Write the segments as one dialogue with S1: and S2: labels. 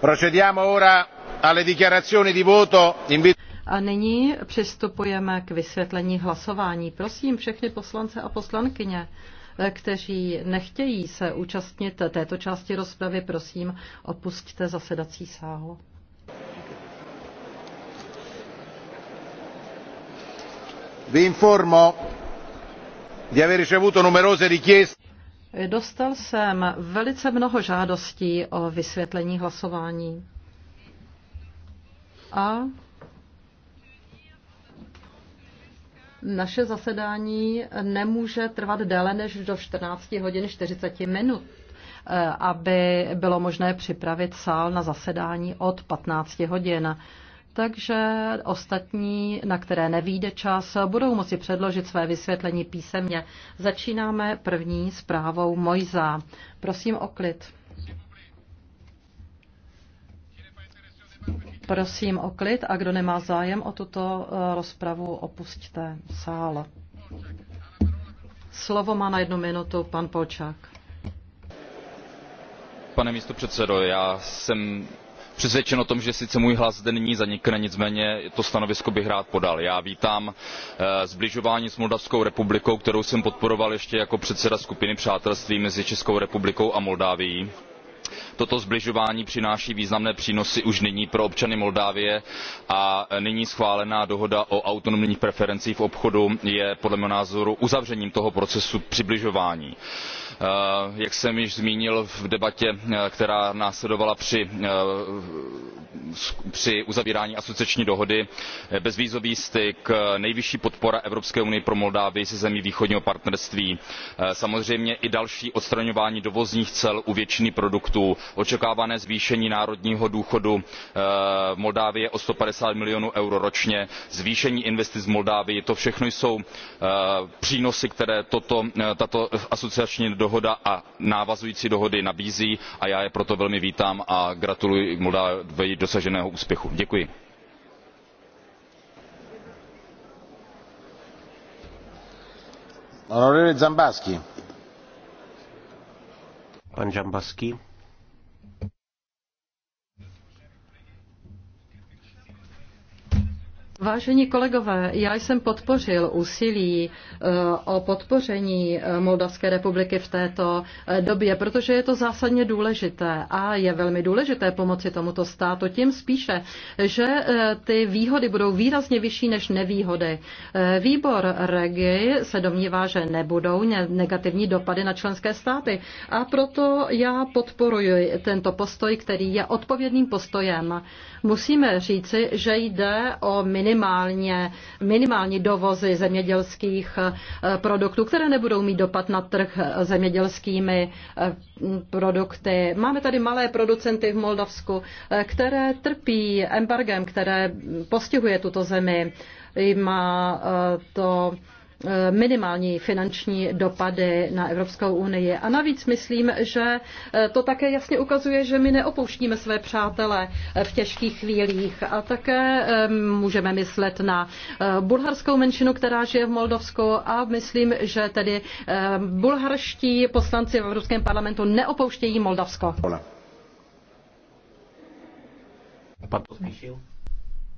S1: Procediamo ora alle dichiarazioni di voto.
S2: A nyní přistupujeme k vysvětlení hlasování. Prosím všechny poslance a poslankyně, eh, kteří nechtějí se účastnit této části rozpravy, prosím, opustíte zasedací sál.
S1: Vi informo di aver ricevuto numerose richieste.
S2: Dostal jsem velice mnoho žádostí o vysvětlení hlasování. A naše zasedání nemůže trvat déle než do 14 hodin 40 minut, eh, aby bylo možné připravit sál na zasedání od 15 hodin takže ostatní, na které nevýjde čas, budou moci předložit své vysvětlení písemně. Začínáme první zprávou Mojza. Prosím o klid. Prosím o klid a kdo nemá zájem o tuto eh, rozpravu, opustte sál. Slovo má na jednu minutu pan Polčák.
S3: Pane místo předsedo, já jsem přesvědčen o tom že sice můj hlas zde nyní zanikne nicméně to stanovisko bych rád podal. já vítám sbližování eh, s moldavskou republikou kterou jsem podporoval ještě jako předseda skupiny přátelství mezi českou republikou a moldavií toto sbližování přináší významné přínosy už nyní pro občany moldavska a nyní schválená dohoda o autonomních preferencích v obchodu je podle mého názoru uzavřením toho procesu přibližování. Eh, jak jsem již zmínil v debatě eh, která následovala eh, při, uzavírání asociační dohody bezvízový styk nejvyšší podpora evropské unie pro moldavsko se zemí východního partnerství samozřejmě i další odstraňování dovozních cel u většiny produktů migrantů očekávané zvýšení národního důchodu eh, v moldavsku o one hundred and fifty milionů eur ročně zvýšení investic v moldavsku to všechno jsou eh, přínosy které eh, tato asociační dohoda a navazující dohody nabízí a já je proto velmi vítám a gratuluji moldavsku dosaženého úspěchu. děkuji.
S1: Pan
S2: Vážení kolegové, já jsem podpořil úsilí e, o podpoření e, Moldavské republiky v této e, době, protože je to zásadně důležité a je velmi důležité pomoci tomuto státu, tím spíše, že ty výhody budou výrazně vyšší než nevýhody. Výbor Regi se domnívá, že nebudou negativní dopady na členské státy a proto já podporuji tento postoj, který je odpovědným postojem. Musíme říci, že jde o minimální minimálně, minimální dovozy zemědělských eh, produktů, které nebudou mít dopad na trh eh, zemědělskými eh, produkty. Máme tady malé producenty v Moldavsku, které trpí embargem, které postihuje tuto zemi. Má to Eh, minimální finanční dopady na Evropskou unii. A navíc myslím, že eh, to také jasně ukazuje, že my neopouštíme své přátele eh, v těžkých chvílích. A také můžeme myslet na bulharskou menšinu, která žije v Moldovsku a myslím, že tedy bulharští poslanci v Evropském parlamentu neopouštějí Moldavsko.
S4: Pan Pospíšil.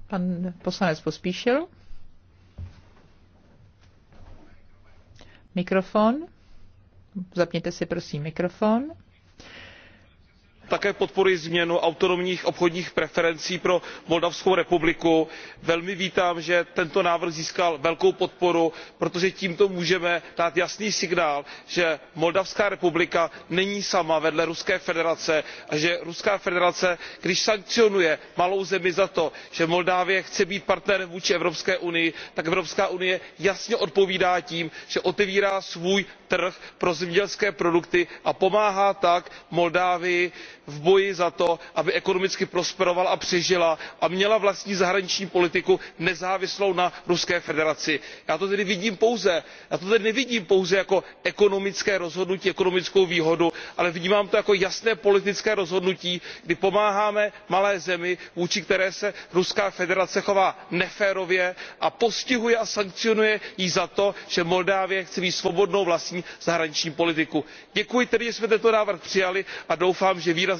S4: Pan poslanec Pospíšil. Mikrofon. Zapněte si prosím mikrofon
S5: také podporuji změnu autonomních obchodních preferencí pro moldavskou republiku. velmi vítám že tento návrh získal velkou podporu protože tímto můžeme dát jasný signál že moldavská republika není sama vedle ruské federace a že ruská federace když sankcionuje malou zemi za to že moldavsko chce být partnerem vůči evropské unii tak evropská unie jasně odpovídá tím že otevírá svůj trh pro zemědělské produkty a pomáhá tak moldavsku v boji za to aby ekonomicky prosperovala a přežila a měla vlastní zahraniční politiku nezávislou na ruské federaci. já to tedy nevidím pouze jako ekonomické rozhodnutí ekonomickou výhodu ale vnímám to jako jasné politické rozhodnutí kdy pomáháme malé zemi vůči které se ruská federace chová neférově a postihuje a sankcionuje ji za to že moldavsko chce mít svobodnou vlastní zahraniční politiku. děkuji tedy že jsme tento návrh přijali a doufám že výrazně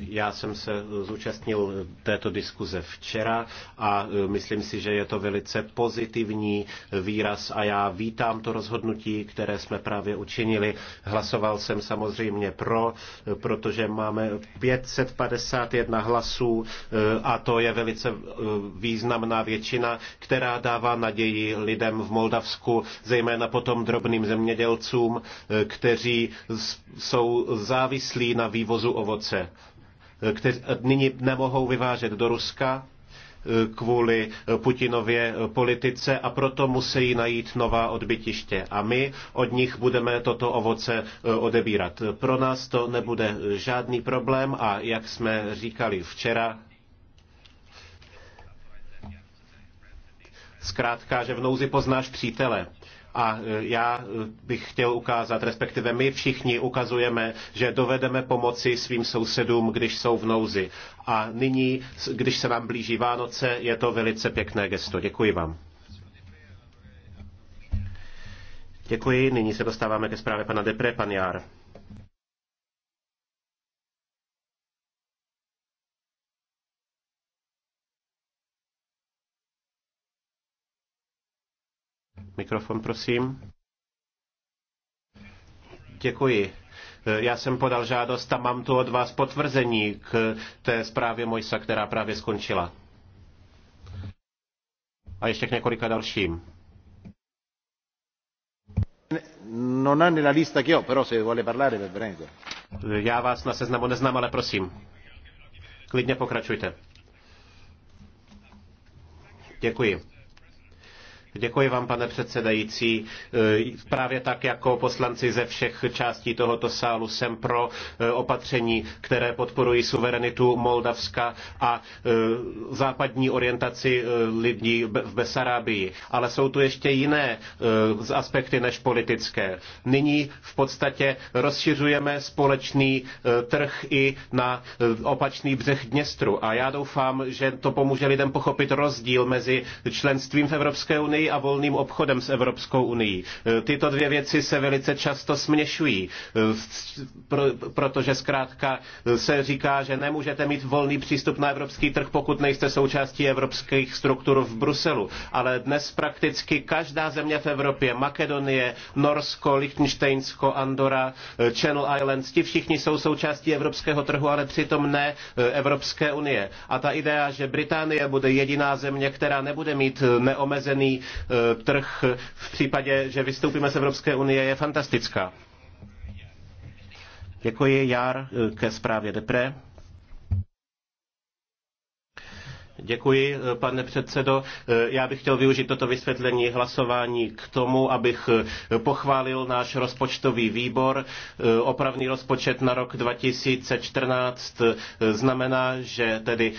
S6: Já jsem se zúčastnil této diskuze včera a e, myslím si, že je to velice pozitivní výraz a já vítám to rozhodnutí, které jsme právě učinili. Hlasoval jsem samozřejmě pro, protože máme 551 hlasů e, a to je velice e, významná většina, která dává naději lidem v Moldavsku, zejména potom drobným zemědělcům, kteří jsou závislí na vývozu ovoce kteří nyní nemohou vyvážet do Ruska eh, kvůli eh, Putinově eh, politice a proto musí najít nová odbytiště. A my od nich budeme toto ovoce odebírat. Pro nás to nebude žádný problém a jak jsme říkali včera, zkrátka, že v nouzi poznáš přítele. A e, já e, bych chtěl ukázat, respektive my všichni ukazujeme, že dovedeme pomoci svým sousedům, když jsou v nouzi. A nyní, když se nám blíží Vánoce, je to velice pěkné gesto. Děkuji vám. Děkuji. Nyní se dostáváme ke zprávě pana Depre, pan Jár. Mikrofon, prosím. Děkuji. Já jsem podal žádost a mám tu od vás potvrzení k té zprávě Mojsa, která právě skončila. A ještě k několika dalším. Non ha nella lista che ho, però se vuole parlare, per prego. Já vás na seznamu neznám, ale prosím. Klidně pokračujte. Děkuji. Děkuji vám, pane předsedající. E, právě tak jako poslanci ze všech částí tohoto sálu jsem pro e, opatření, které podporují suverenitu Moldavska a e, západní orientaci lidí v Besarábii. Ale jsou tu ještě jiné aspekty než politické. Nyní v podstatě rozšiřujeme společný trh i na opačný břeh Dněstru. A já doufám, že to pomůže lidem pochopit rozdíl mezi členstvím v Evropské unii a volným obchodem s Evropskou unii. E, tyto dvě věci se velice často směšují, e, protože zkrátka e, se říká, že nemůžete mít volný přístup na evropský trh, pokud nejste součástí evropských struktur v Bruselu. Ale dnes prakticky každá země v Evropě, Makedonie, Norsko, Liechtensteinsko, Andora, Channel Islands, ti všichni jsou součástí evropského trhu, ale přitom ne Evropské unie. A ta idea, že Británie bude jediná země, která nebude mít neomezený Eh, trh v případě, že vystoupíme z Evropské unie, je fantastická. Děkuji, jako Jar, eh, ke zprávě Depre. Děkuji, pane předsedo. Já bych chtěl využít toto vysvětlení hlasování k tomu, abych pochválil náš rozpočtový výbor. Opravný rozpočet na rok 2014 znamená, že tedy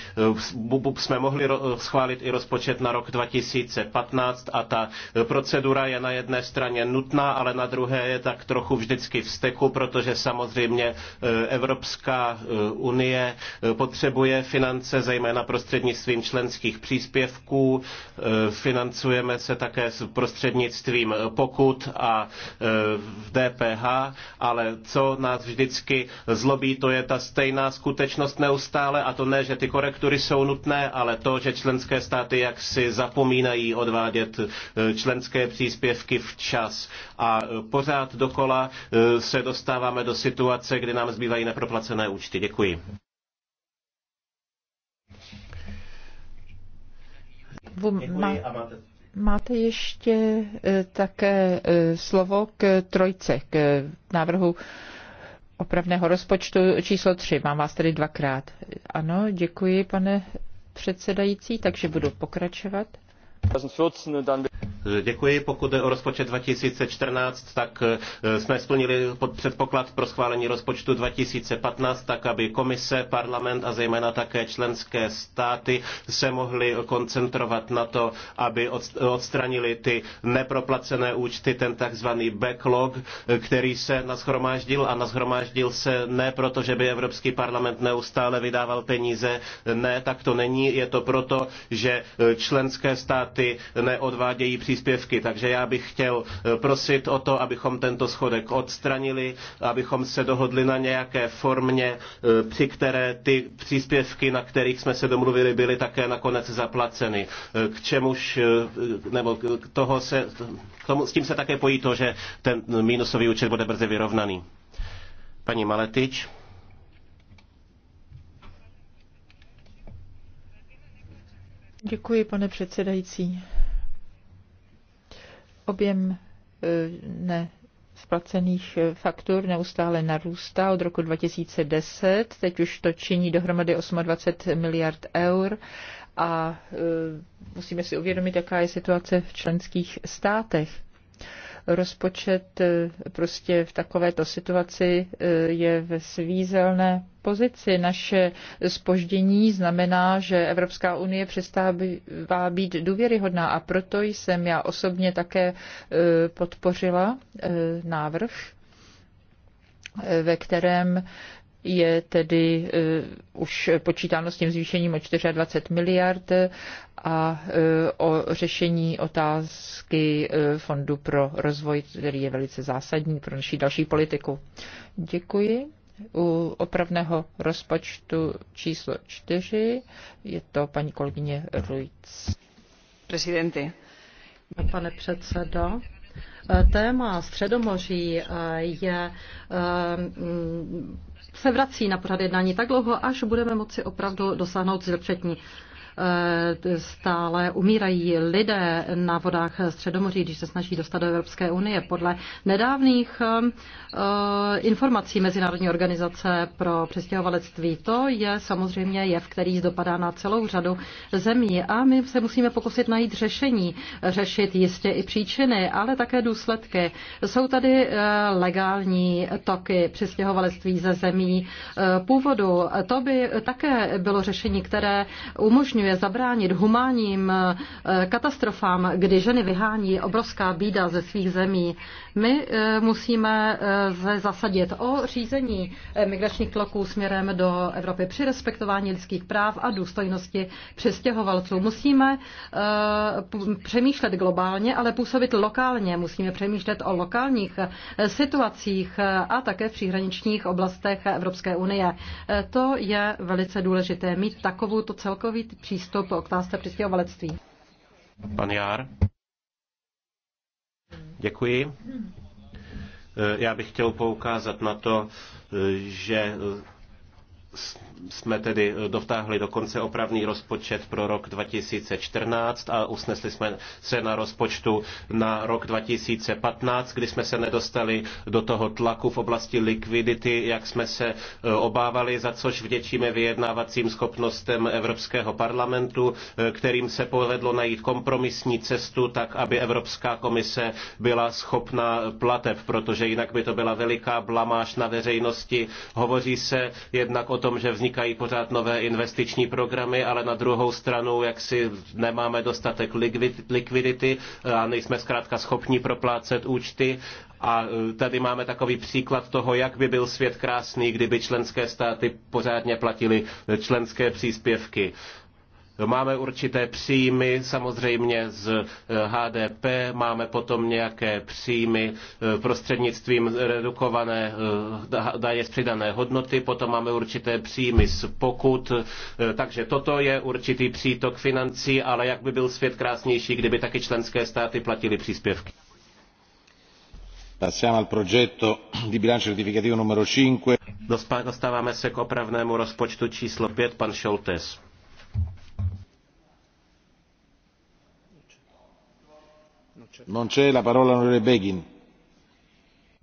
S6: jsme mohli schválit i rozpočet na rok 2015 a ta procedura je na jedné straně nutná, ale na druhé je tak trochu vždycky v steku, protože samozřejmě eh, Evropská eh, unie eh, potřebuje finance, zejména prostřednictvím prostřednictvím členských příspěvků, eh, financujeme se také prostřednictvím pokut a DPH, eh, ale co nás vždycky zlobí, to je ta stejná skutečnost neustále a to ne, že ty korektury jsou nutné, ale to, že členské státy jaksi zapomínají odvádět eh, členské příspěvky včas. A pořád dokola se dostáváme do situace, kdy nám zbývají neproplacené účty. Děkuji.
S4: Děkuji a máte Máte ještě eh, také eh, slovo k trojce, k eh, návrhu opravného rozpočtu číslo tři. Mám vás tedy dvakrát. Ano, děkuji, pane předsedající, takže budu pokračovat.
S6: Děkuji. Pokud jde o rozpočet 2014, tak eh, jsme splnili předpoklad pro schválení rozpočtu 2015, tak aby komise, parlament a zejména také členské státy se mohly koncentrovat na to, aby odstranili ty neproplacené účty, ten takzvaný backlog, eh, který se nashromáždil a nashromáždil se ne proto, že by Evropský parlament neustále vydával peníze, ne, tak to není, je to proto, že eh, členské státy státy neodvádějí příspěvky. Takže já bych chtěl eh, prosit o to, abychom tento schodek odstranili, abychom se dohodli na nějaké formě, eh, při které ty příspěvky, na kterých jsme se domluvili, byly také nakonec zaplaceny. Eh, k čemuž, nebo k toho se, k tomu, s tím se také pojí to, že ten mínusový účet bude brzy vyrovnaný. Paní Maletič.
S4: Děkuji, pane předsedající. Objem eh, ne splacených eh, faktur neustále narůstá od roku 2010. Teď už to činí dohromady 28 miliard eur a eh, musíme si uvědomit, jaká je situace v členských státech. Rozpočet eh, prostě v takovéto situaci eh, je ve svízelné pozici. Naše spoždění znamená, že Evropská unie přestává být důvěryhodná a proto jsem já osobně také eh, podpořila návrh ve kterém je tedy eh, už počítáno s tím zvýšením o 24 miliard a eh, o řešení otázky eh, Fondu pro rozvoj, který je velice zásadní pro naši další politiku. Děkuji. U opravného rozpočtu číslo 4 je to paní kolegyně Ruiz. Prezidenty.
S2: Pane předsedo, téma Středomoří je se vrací na pořad jednání tak dlouho, až budeme moci opravdu dosáhnout zlepšení. Eh, stále umírají lidé na vodách Středomoří, když se snaží dostat do Evropské unie. Podle nedávných eh, informací Mezinárodní organizace pro přestěhovalectví to je samozřejmě jev, který dopadá na celou řadu zemí a my se musíme pokusit najít řešení, řešit jistě i příčiny, ale také důsledky. Jsou tady eh, legální toky přistěhovalectví ze zemí původu. To by také bylo řešení, které umožňuje umožňuje zabránit humánním eh, katastrofám, kdy ženy vyhání obrovská bída ze svých zemí. My eh, musíme eh, se zasadit o řízení migračních tloků směrem do Evropy při respektování lidských práv a důstojnosti přestěhovalců. Musíme přemýšlet globálně, ale působit lokálně. Musíme přemýšlet o lokálních situacích a také v příhraničních oblastech Evropské unie. To je velice důležité mít takovou to celkový přístup přístup k otázce přistěhovalectví.
S6: Pan Jár. Děkuji. Já bych chtěl poukázat na to, že jsme tedy dotáhli do konce opravný rozpočet pro rok 2014 a usnesli jsme se na rozpočtu na rok 2015, kdy jsme se nedostali do toho tlaku v oblasti likvidity, jak jsme se e, obávali, za což vděčíme vyjednávacím schopnostem Evropského parlamentu, e, kterým se povedlo najít kompromisní cestu tak, aby Evropská komise byla schopna plateb, protože jinak by to byla veliká blamáž na veřejnosti. Hovoří se jednak o tom, že vznik vznikají pořád nové investiční programy, ale na druhou stranu, jak si nemáme dostatek likvidity eh, a nejsme zkrátka schopni proplácet účty. A eh, tady máme takový příklad toho, jak by byl svět krásný, kdyby členské státy pořádně platily eh, členské příspěvky. Máme určité příjmy samozřejmě z HDP, eh, máme potom nějaké příjmy eh, prostřednictvím redukované eh, daně z přidané hodnoty, potom máme určité příjmy z pokut, takže toto je určitý přítok financí, ale jak by byl svět krásnější, kdyby taky členské státy platily příspěvky.
S1: Passiamo al progetto di bilancio
S6: rettificativo numero 5. Dostáváme se k opravnému rozpočtu číslo 5, pan Šoltes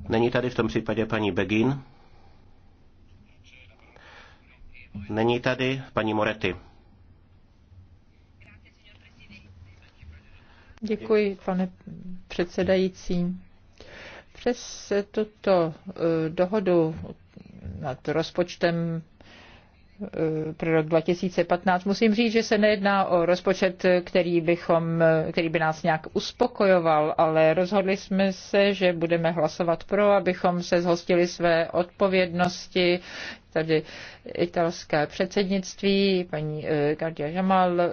S1: Není tady v tom případě paní
S6: Begin? Není tady paní Moretti.
S4: Děkuji, pane předsedající. Přes tuto eh, dohodu nad rozpočtem Eh, pro rok 2015. Musím říct, že se nejedná o rozpočet, který, bychom, který by nás nějak uspokojoval, ale rozhodli jsme se, že budeme hlasovat pro, abychom se zhostili své odpovědnosti tady italské předsednictví, paní eh, Gardia Jamal. Eh,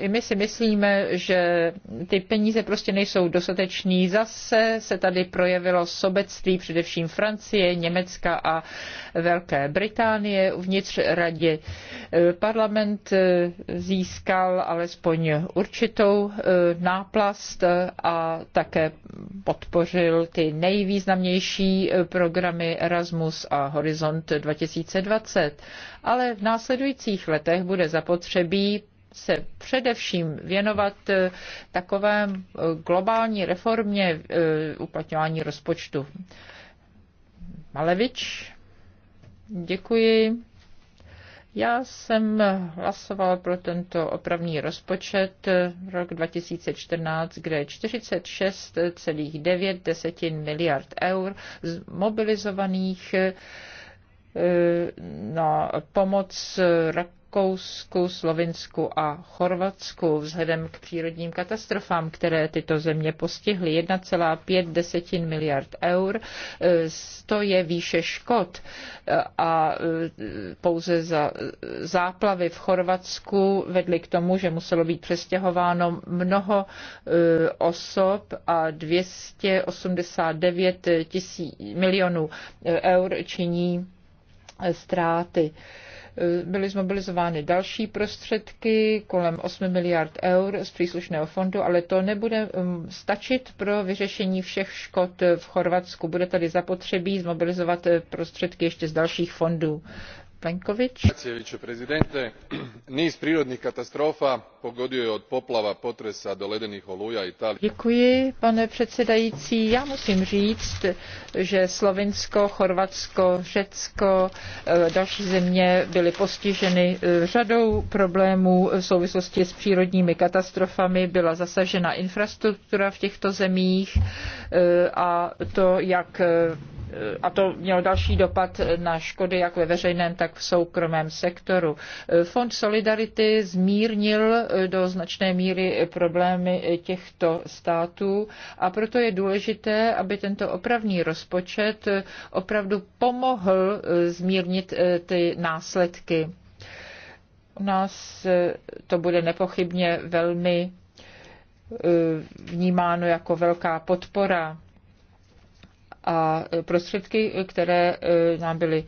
S4: I my si myslíme, že ty peníze prostě nejsou dostatečný. Zase se tady projevilo sobectví především Francie, Německa a Velké Británie uvnitř radě. Eh, parlament získal alespoň určitou náplast a také podpořil ty nejvýznamnější programy Erasmus a Horizont 2020, ale v následujících letech bude zapotřebí se především věnovat eh, takové eh, globální reformě eh, uplatňování rozpočtu. Malevič, děkuji. Já jsem hlasoval pro tento opravný rozpočet rok 2014, kde 46,9 miliard eur z mobilizovaných na pomoc Rakousku, Slovinsku a Chorvatsku vzhledem k přírodním katastrofám, které tyto země postihly 1,5 desetin miliard eur. To je výše škod a pouze za záplavy v Chorvatsku vedly k tomu, že muselo být přestěhováno mnoho e, osob a 289 tisí, milionů e, eur činí ztráty. Byly zmobilizovány další prostředky kolem 8 miliard eur z příslušného fondu, ale to nebude um, stačit pro vyřešení všech škod v Chorvatsku. Bude tady zapotřebí zmobilizovat eh, prostředky ještě z dalších fondů. Plenković.
S7: Niz prirodnih katastrofa pogodio je od poplava, potresa do ledenih oluja Italii.
S4: Děkuji, pane předsedající. Já musím říct, že Slovinsko, Chorvatsko, Řecko, eh, další země byly postiženi eh, řadou problémů v souvislosti s přírodními katastrofami. Byla zasažena infrastruktura v těchto zemích eh, a to jak a to mělo další dopad na škody jak ve veřejném, tak v soukromém sektoru. Fond Solidarity zmírnil do značné míry problémy těchto států a proto je důležité, aby tento opravný rozpočet opravdu pomohl zmírnit eh, ty následky. U nás eh, to bude nepochybně velmi eh, vnímáno jako velká podpora a prostředky, které e, nám byly e,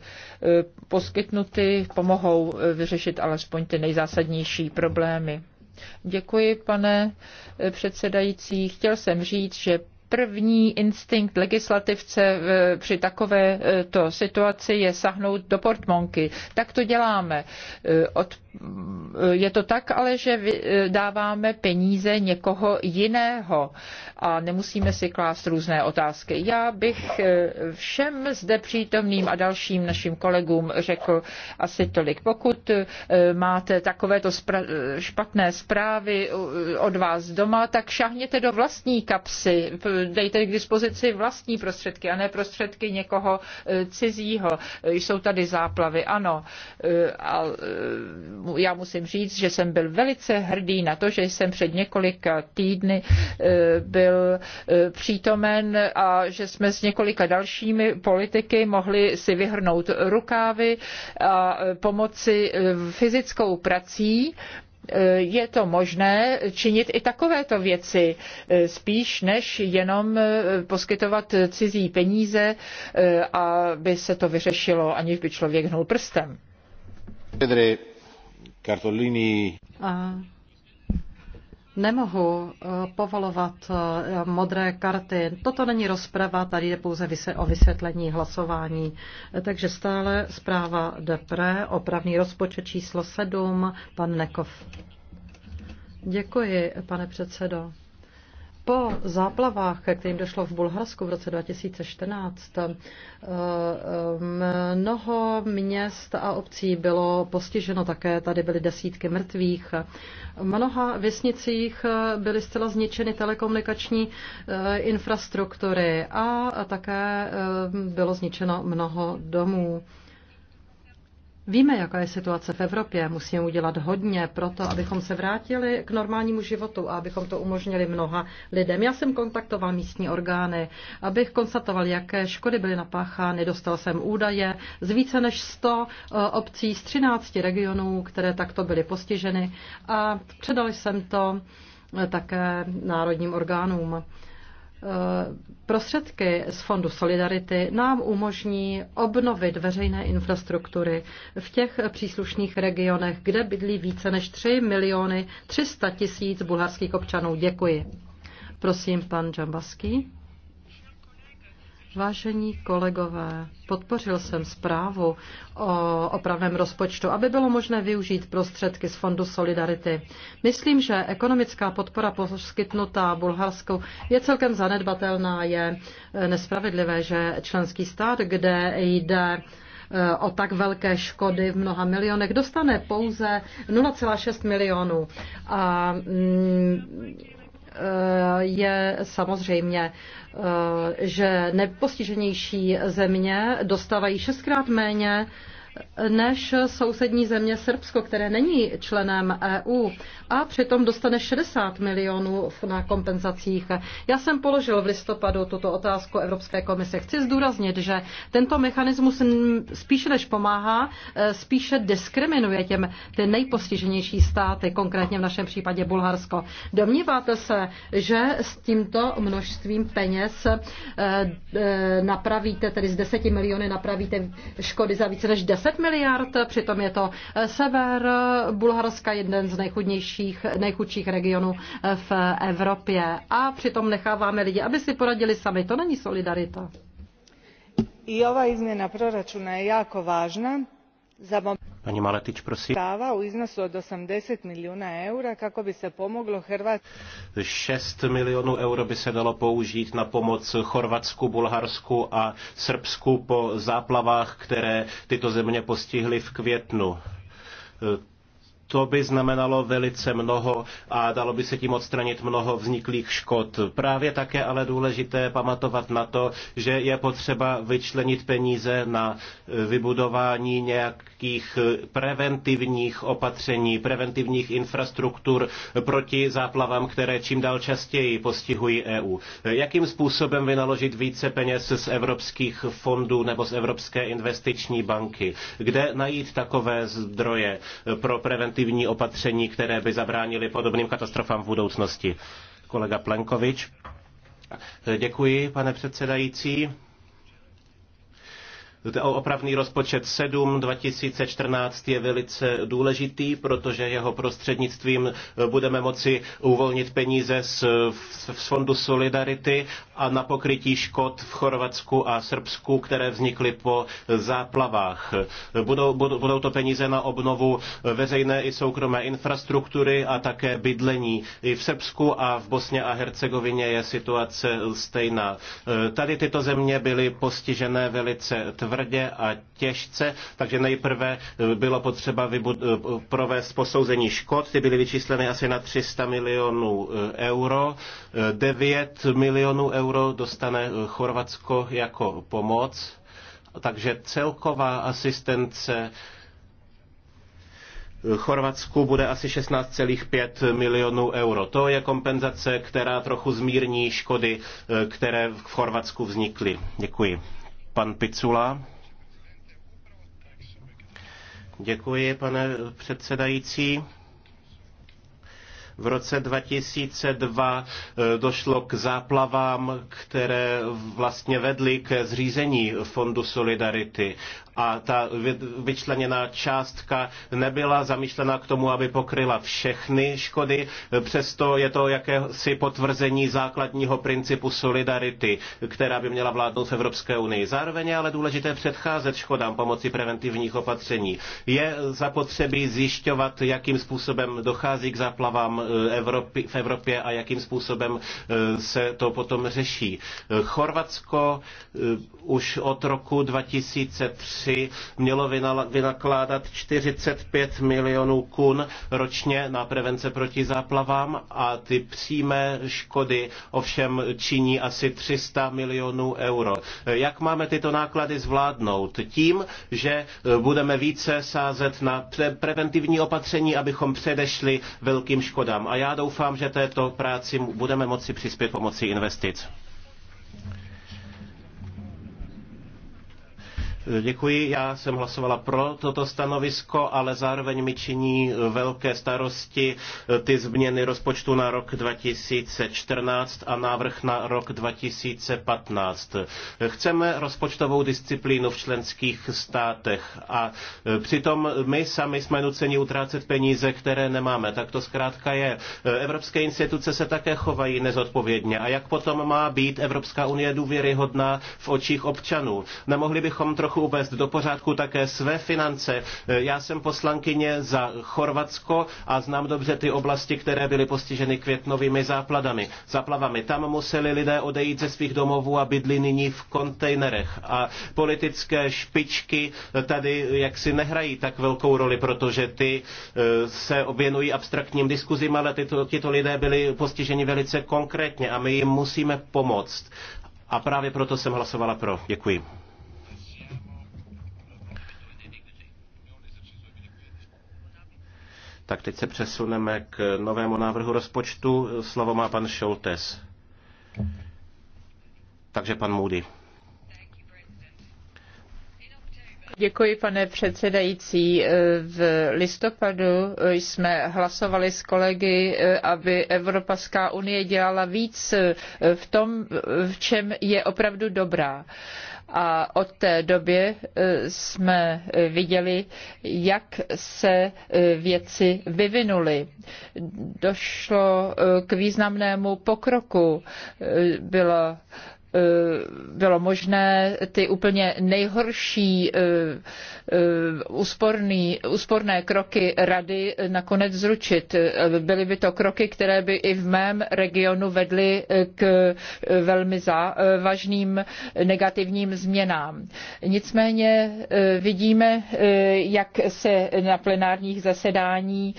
S4: poskytnuty, pomohou e, vyřešit alespoň ty nejzásadnější problémy. Děkuji, pane předsedající. Chtěl jsem říct, že První instinkt legislativce eh, při takovéto eh, situaci je sahnout do portmonky. Tak to děláme. Eh, od, je to tak ale, že dáváme peníze někoho jiného a nemusíme si klást různé otázky. Já bych všem zde přítomným a dalším našim kolegům řekl asi tolik. Pokud máte takovéto špatné zprávy od vás doma, tak šahněte do vlastní kapsy dejte k dispozici vlastní prostředky a ne prostředky někoho e, cizího. E, jsou tady záplavy, ano. E, a já musím říct, že jsem byl velice hrdý na to, že jsem před několika týdny byl přítomen a že jsme s několika dalšími politiky mohli si vyhrnout rukávy a pomoci fyzickou prací Eh, je to možné činit i takovéto věci, eh, spíš než jenom eh, poskytovat cizí peníze, aby se to vyřešilo, aniž by člověk hnul prstem.
S1: Pedro Cartolini.
S2: Nemohu eh, povolovat eh, modré karty. Toto není rozprava, tady je pouze o vysvětlení hlasování. Takže stále zpráva DEPRE, opravný rozpočet číslo 7, pan Nekov. Děkuji, pane předsedo. Po záplavách, kterým došlo v Bulharsku v roce 2014, eh, eh, mnoho měst a obcí bylo postiženo také, tady byly desítky mrtvých. V mnoha vesnicích eh, byly zcela zničeny telekomunikační infrastruktury a také bylo zničeno mnoho domů. Víme, jaká je situace v Evropě. Musíme udělat hodně pro to, abychom se vrátili k normálnímu životu a abychom to umožnili mnoha lidem. Já jsem kontaktoval místní orgány, abych konstatoval, jaké škody byly napáchány. Dostal jsem údaje z více než 100 eh, obcí z 13 regionů, které takto byly postiženy a předal jsem to eh, také národním orgánům. Prostředky z Fondu Solidarity nám umožní obnovit veřejné infrastruktury v těch příslušných regionech, kde bydlí více než 3 miliony 300 tisíc bulharských občanů. Děkuji. Prosím, pan Džambaský. Vážení kolegové, podpořil jsem zprávu o opravném rozpočtu, aby bylo možné využít prostředky z Fondu Solidarity. Myslím, že ekonomická podpora poskytnutá Bulharsku je celkem zanedbatelná. Je eh, nespravedlivé, že členský stát, kde jde eh, o tak velké škody v mnoha milionech, dostane pouze 0,6 milionů. A, mm, je samozřejmě, eh, že nepostiženější země dostávají šestkrát méně než sousední země Srbsko, které není členem EU a přitom dostane 60 milionů na kompenzacích. Já jsem položil v listopadu tuto otázku Evropské komise. Chci zdůraznit, že tento mechanismus spíše než pomáhá, e, spíše diskriminuje těm ty nejpostiženější státy, konkrétně v našem případě Bulharsko. Domníváte se, že s tímto množstvím peněz e, e, napravíte, tedy z 10 miliony napravíte škody za více než 10 10 miliard, přitom je to eh, sever Bulharska, jeden z nejchudnějších, nejchudších regionů eh, v Evropě. A přitom necháváme lidi, aby si poradili sami. To není solidarita. I ova
S4: izmjena proračuna je jako važna
S6: Paní Maletič, prosím.
S4: Stává u iznosu od 80 milijuna eura, kako by se pomoglo Chorvatsku.
S6: 6 milionů euro by se dalo použít na pomoc Chorvatsku, Bulharsku a Srbsku po záplavách, které tyto země postihly v květnu to by znamenalo velice mnoho a dalo by se tím odstranit mnoho vzniklých škod. Právě také ale důležité pamatovat na to, že je potřeba vyčlenit peníze na eh, vybudování nějakých eh, preventivních opatření, preventivních infrastruktur proti záplavám, které čím dál častěji postihují EU. Jakým způsobem vynaložit více peněz z evropských fondů nebo z Evropské investiční banky? Kde najít takové zdroje eh, pro preventivní efektivní opatření, které by zabránily podobným katastrofám v budoucnosti. Kolega Plenkovič. Děkuji, pane předsedající. Opravný rozpočet 7 2014 je velice důležitý, protože jeho prostřednictvím budeme moci uvolnit peníze z, Fondu Solidarity a na pokrytí škod v Chorvatsku a Srbsku, které vznikly po záplavách. Budou, budou to peníze na obnovu veřejné i soukromé infrastruktury a také bydlení. I v Srbsku a v Bosně a Hercegovině je situace stejná. Tady tyto země byly postižené velice tvrdě a těžce, takže nejprve bylo potřeba provést posouzení škod, ty byly vyčísleny asi na 300 milionů euro, 9 milionů euro euro dostane eh, Chorvatsko jako pomoc, takže celková asistence eh, Chorvatsku bude asi 16,5 milionů euro. To je kompenzace, která trochu zmírní škody, eh, které v Chorvatsku vznikly. Děkuji. Pan Picula. Děkuji, pane předsedající. V roce 2002 e, došlo k záplavám, které vlastně vedly ke zřízení Fondu Solidarity a ta vyčleněná částka nebyla zamýšlena k tomu, aby pokryla všechny škody, přesto je to jakési potvrzení základního principu solidarity, která by měla vládnout v Evropské unii. Zároveň je ale důležité předcházet škodám pomocí preventivních opatření. Je zapotřebí zjišťovat, jakým způsobem dochází k záplavám eh, Evropy, v Evropě a jakým způsobem eh, se to potom řeší. Chorvatsko eh, už od roku 2003 3 mělo vynakládat 45 milionů kun ročně na prevence proti záplavám a ty přímé škody ovšem činí asi 300 milionů euro. Jak máme tyto náklady zvládnout? Tím, že eh, budeme více sázet na pre- preventivní opatření, abychom předešli velkým škodám. A já doufám, že této práci budeme moci přispět pomocí investic. Děkuji, já jsem hlasovala pro toto stanovisko, ale zároveň mi činí velké starosti eh, ty změny rozpočtu na rok 2014 a návrh na rok 2015. Chceme rozpočtovou disciplínu v členských státech a eh, přitom my sami jsme nuceni utrácet peníze, které nemáme. Tak to zkrátka je. Eh, evropské instituce se také chovají nezodpovědně. A jak potom má být Evropská unie důvěryhodná v očích občanů? Nemohli bychom trochu trochu uvést do pořádku také své finance. E, já jsem poslankyně za Chorvatsko a znám dobře ty oblasti, které byly postiženy květnovými zápladami, záplavami. Tam museli lidé odejít ze svých domovů a bydlí nyní v kontejnerech. A politické špičky e, tady jaksi nehrají tak velkou roli, protože ty e, se věnují abstraktním diskuzím, ale tyto, tyto lidé byli postiženi velice konkrétně a my jim musíme pomoct. A právě proto jsem hlasovala pro. Děkuji. Tak teď se přesuneme k novému návrhu rozpočtu. Slovo má pan Šoltes. Takže pan Moody.
S4: Děkuji, pane předsedající. V listopadu jsme hlasovali s kolegy, aby Evropská unie dělala víc v tom, v čem je opravdu dobrá a od té doby e, jsme e, viděli, jak se e, věci vyvinuly. Došlo k významnému pokroku. Bylo Eh, bylo možné ty úplně nejhorší eh, eh, úsporný, úsporné kroky rady nakonec zručit. Byly by to kroky, které by i v mém regionu vedly k velmi závažným negativním změnám. Nicméně vidíme, jak se na plenárních zasedání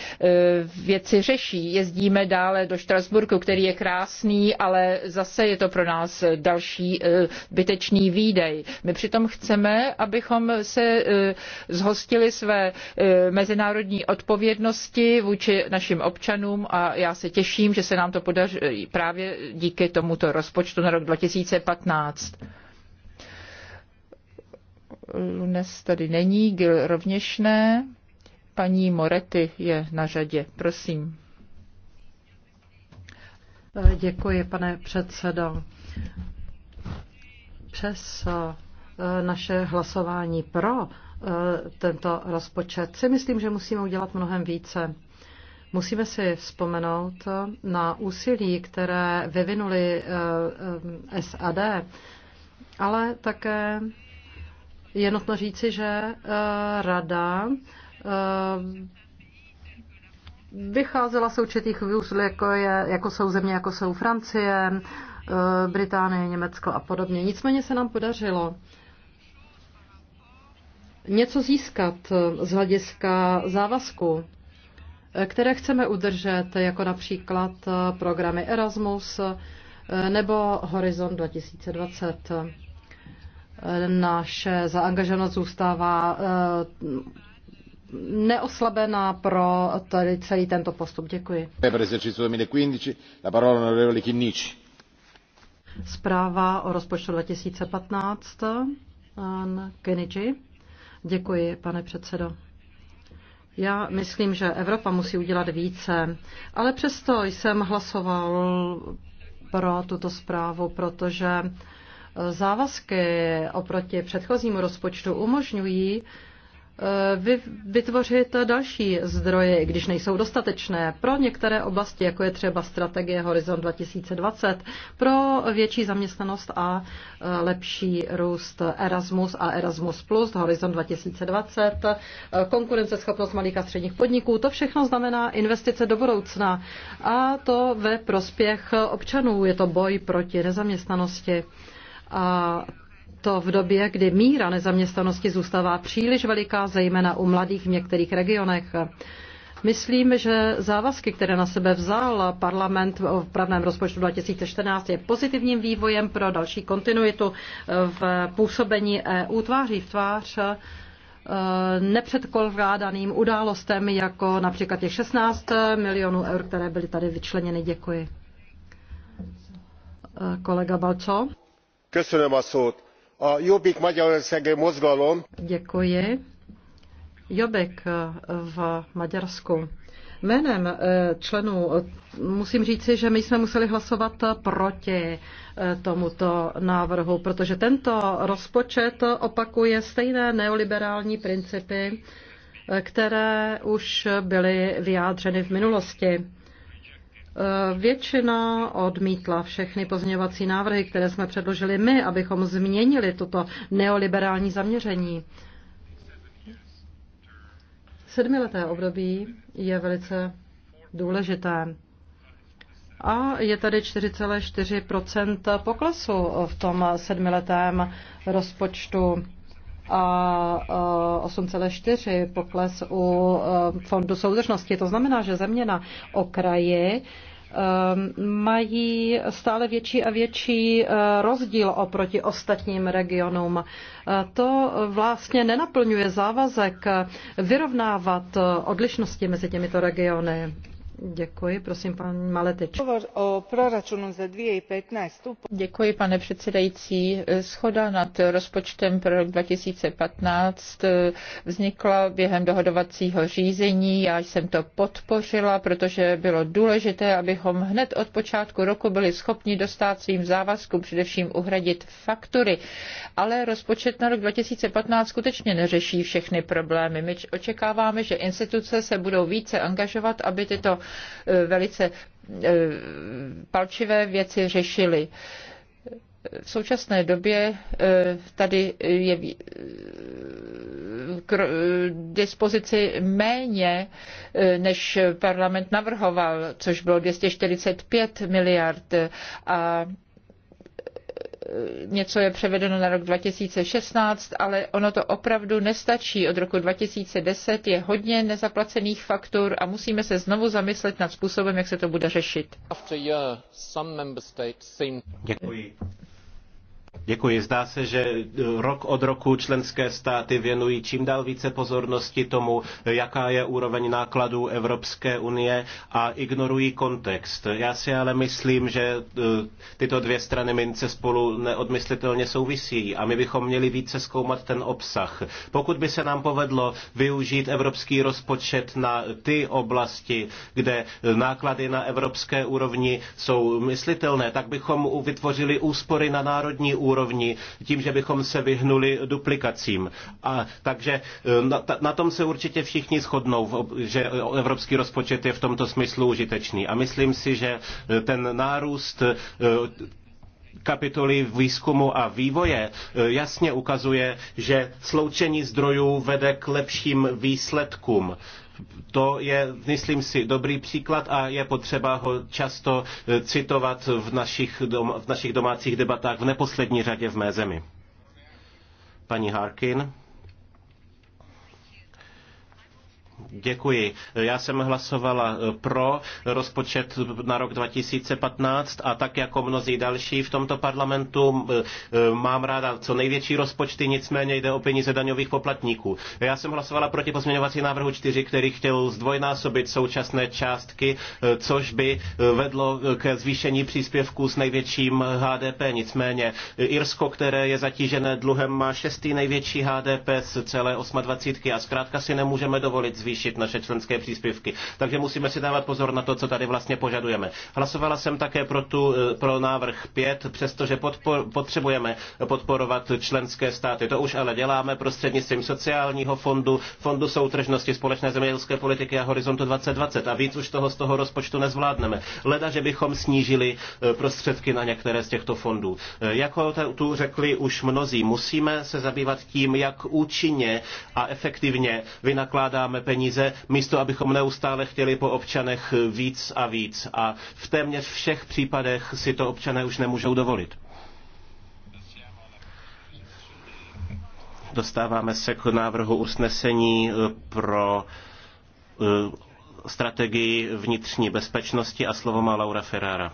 S4: věci řeší. Jezdíme dále do Štrasburku, který je krásný, ale zase je to pro nás další další e, zbytečný výdej. My přitom chceme, abychom se e, zhostili své e, mezinárodní odpovědnosti vůči našim občanům a já se těším, že se nám to podaří právě díky tomuto rozpočtu na rok 2015. Lunes tady není, Gil rovněž ne. Paní Morety je na řadě, prosím. Děkuji, pane
S2: předsedo přes eh, naše hlasování pro eh, tento rozpočet si myslím, že musíme udělat mnohem více. Musíme si vzpomenout eh, na úsilí, které vyvinuli SAD, ale také je nutno říci, že rada vycházela z určitých výuzl, jako, je, jako jsou země, jako jsou Francie, Eh, Británie, Německo a podobně. Nicméně se nám podařilo něco získat eh, z hlediska závazku, eh, které chceme udržet, jako například programy Erasmus nebo Horizon 2020. Naše zaangažovanost zůstává neoslabená pro tady celý tento postup. Děkuji.
S1: 2015, la parola
S2: Zpráva o rozpočtu 2015, pan Kenichi. Děkuji, pane předsedo. Já myslím, že Evropa musí udělat více, ale přesto jsem hlasoval pro tuto zprávu, protože závazky oproti předchozímu rozpočtu umožňují Eh, vytvořit další zdroje, i když nejsou dostatečné, pro některé oblasti, jako je třeba strategie Horizon 2020, pro větší zaměstnanost a eh, lepší růst Erasmus a Erasmus+, Plus, Horizon 2020, eh, konkurenceschopnost malých a středních podniků. To všechno znamená investice do budoucna a to ve prospěch občanů. Je to boj proti nezaměstnanosti. A to v době, kdy míra nezaměstnanosti zůstává příliš veliká, zejména u mladých v některých regionech. Myslím, že závazky, které na sebe vzal parlament v pravném rozpočtu 2014, je pozitivním vývojem pro další kontinuitu v působení EU tváří v tvář eh, nepředkolvádaným událostem, jako například těch 16 milionů eur, které byly tady vyčleněny. Děkuji. Eh, kolega Balco.
S7: Köszönöm a szót a jobbik magyarországi mozgalom.
S2: Děkuji. Jobbik eh, v Maďarsku. Jménem eh, členů eh, musím říci, že my jsme museli hlasovat proti tomuto návrhu, protože tento rozpočet opakuje stejné neoliberální principy, které už byly vyjádřeny v minulosti. Eh, většina odmítla všechny pozměňovací návrhy, které jsme předložili my, abychom změnili toto neoliberální zaměření. Sedmileté období je velice důležité. A je tady 4,4 poklesu v tom sedmiletém rozpočtu a 8,4 eh, pokles u eh, Fondu soudržnosti. To znamená, že země na okraji Ehm, mají stále větší a větší eh, rozdíl oproti ostatním regionům. Eh, to vlastně nenaplňuje závazek vyrovnávat eh, odlišnosti mezi těmito
S4: regiony. Děkuji, prosím, pan O za 2015. Děkuji, pane předsedající. shoda nad rozpočtem pro rok 2015 eh, vznikla během dohodovacího řízení. Já jsem to podpořila, protože bylo důležité, abychom hned od počátku roku byli schopni dostát svým závazkům, především uhradit faktury. Ale rozpočet na rok 2015 skutečně neřeší všechny problémy. My očekáváme, že instituce se budou více angažovat, aby tyto Eh, velice eh, palčivé věci řešili. V současné době eh, tady je k dispozici méně, než parlament navrhoval, což bylo 245 miliard a něco je převedeno na rok 2016, ale ono to opravdu nestačí. Od roku 2010 je hodně nezaplacených faktur a musíme se znovu zamyslet nad způsobem, jak se to bude řešit.
S6: Děkuji. Děkuji. Zdá se, že e, rok od roku členské státy věnují čím dál více pozornosti tomu, jaká je úroveň nákladů Evropské unie a ignorují kontext. Já si ale myslím, že e, tyto dvě strany mince spolu neodmyslitelně souvisí a my bychom měli více zkoumat ten obsah. Pokud by se nám povedlo využít evropský rozpočet na ty oblasti, kde náklady na evropské úrovni jsou myslitelné, tak bychom vytvořili úspory na národní úrovni úrovni, tím, že bychom se vyhnuli duplikacím. A, takže e, na, na tom se určitě všichni shodnou, že evropský rozpočet je v tomto smyslu užitečný. A myslím si, že e, ten nárůst e, kapitoly výzkumu a vývoje jasně ukazuje, že sloučení zdrojů vede k lepším výsledkům to je, myslím si, dobrý příklad a je potřeba ho často eh, citovat v našich, dom, v našich domácích debatách, v neposlední řadě v mé zemi. Paní Harkin. Děkuji. Já jsem hlasovala eh, pro rozpočet na rok 2015 a tak jako mnozí další v tomto parlamentu eh, mám ráda co největší rozpočty, nicméně jde o peníze daňových poplatníků. Já jsem hlasovala proti pozměňovací návrhu 4, který chtěl zdvojnásobit současné částky, eh, což by vedlo ke zvýšení příspěvků s největším HDP. Nicméně Irsko, které je zatížené dluhem, má šestý největší HDP z celé 28 a zkrátka si nemůžeme dovolit zvýšení zvýšit naše členské příspěvky. Takže musíme si dávat pozor na to, co tady vlastně požadujeme. Hlasovala jsem také pro, tu, eh, pro návrh 5, přestože podpor, potřebujeme podporovat členské státy. To už ale děláme prostřednictvím sociálního fondu, fondu soutržnosti společné zemědělské politiky a horizontu 2020 a víc už toho z toho rozpočtu nezvládneme. Leda, že bychom snížili eh, prostředky na některé z těchto fondů. Eh, jako tu řekli už mnozí, musíme se zabývat tím, jak účinně a efektivně vynakládáme peníze peníze, místo abychom neustále chtěli po občanech víc a víc. A v téměř všech případech si to občané už nemůžou dovolit. Dostáváme se k návrhu usnesení eh, pro eh, strategii vnitřní bezpečnosti a slovo má Laura Ferrara.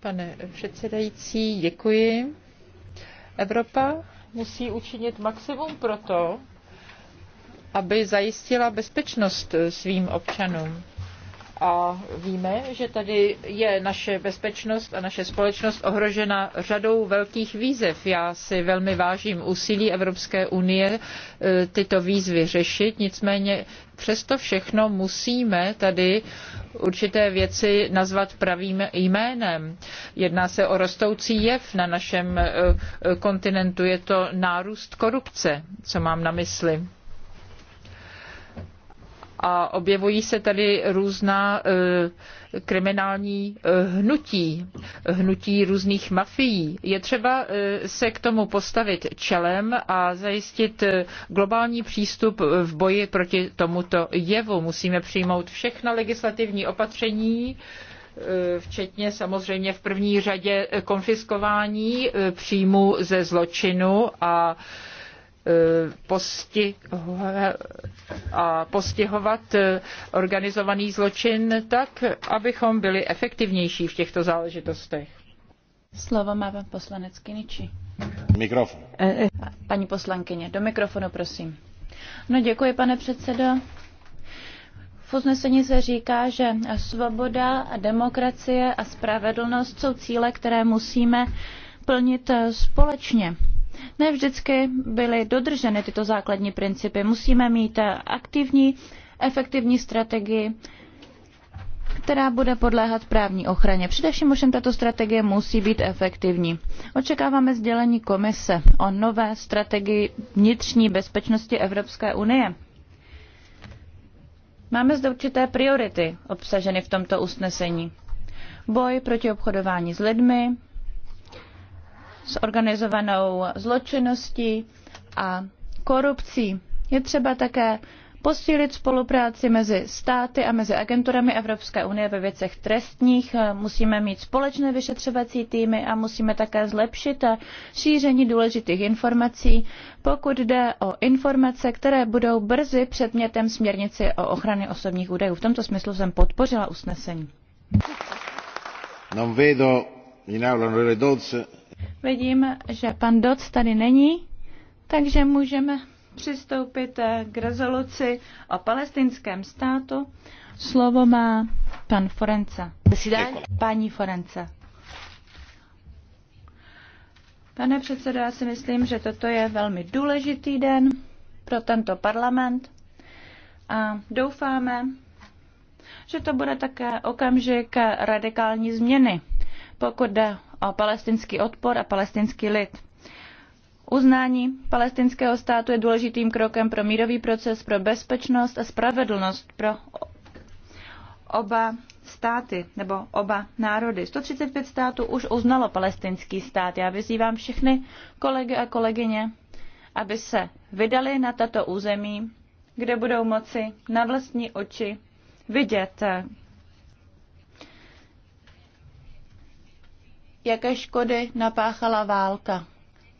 S4: Pane předsedající, děkuji. Evropa musí učinit maximum pro to, aby zajistila bezpečnost svým občanům a víme, že tady je naše bezpečnost a naše společnost ohrožena řadou velkých výzev. Já si velmi vážím úsilí Evropské unie e, tyto výzvy řešit, nicméně přesto všechno musíme tady určité věci nazvat pravým jménem. Jedná se o rostoucí jev na našem e, e, kontinentu, je to nárůst korupce, co mám na mysli a objevují se tady různá eh, kriminální eh, hnutí, hnutí různých mafií. Je třeba eh, se k tomu postavit čelem a zajistit globální přístup v boji proti tomuto jevu. Musíme přijmout všechna legislativní opatření, včetně samozřejmě v první řadě konfiskování příjmu ze zločinu a Eh, postiho a postihovat eh, organizovaný zločin tak, abychom byli efektivnější v těchto záležitostech.
S7: Slovo
S8: má pan poslanec Kiniči. Mikrofon. Eh, paní poslankyně, do mikrofonu, prosím. No děkuji, pane předsedo. V usnesení se říká, že svoboda, demokracie a spravedlnost jsou cíle, které musíme plnit společně. Ne vždycky byly dodrženy tyto základní principy. Musíme mít aktivní, efektivní strategii, která bude podléhat právní ochraně. Především ovšem tato strategie musí být efektivní. Očekáváme sdělení komise o nové strategii vnitřní bezpečnosti Evropské unie. Máme zde určité priority obsaženy v tomto usnesení. Boj proti obchodování s lidmi, s organizovanou zločinností a korupcí. Je třeba také posílit spolupráci mezi státy a mezi agenturami Evropské unie ve věcech trestních. Musíme mít společné vyšetřovací týmy a musíme také zlepšit šíření důležitých informací, pokud jde o informace, které budou brzy předmětem směrnici o ochraně osobních údajů. V tomto smyslu jsem podpořila usnesení.
S1: Non vedo in aula
S8: Vidím, že pan Doc tady není, takže můžeme přistoupit eh, k rezoluci o palestinském státu. Slovo má pan Forenca. Paní Forenca. Pane předsedo, já si myslím, že toto je velmi důležitý den pro tento parlament a doufáme, že to bude také okamžik radikální změny, pokud jde o palestinský odpor a palestinský lid. Uznání palestinského státu je důležitým krokem pro mírový proces, pro bezpečnost a spravedlnost pro oba státy nebo oba národy. 135 států už uznalo palestinský stát. Já vyzývám všechny kolegy a kolegyně, aby se vydali na tato území, kde budou moci na vlastní oči vidět, jaké škody napáchala válka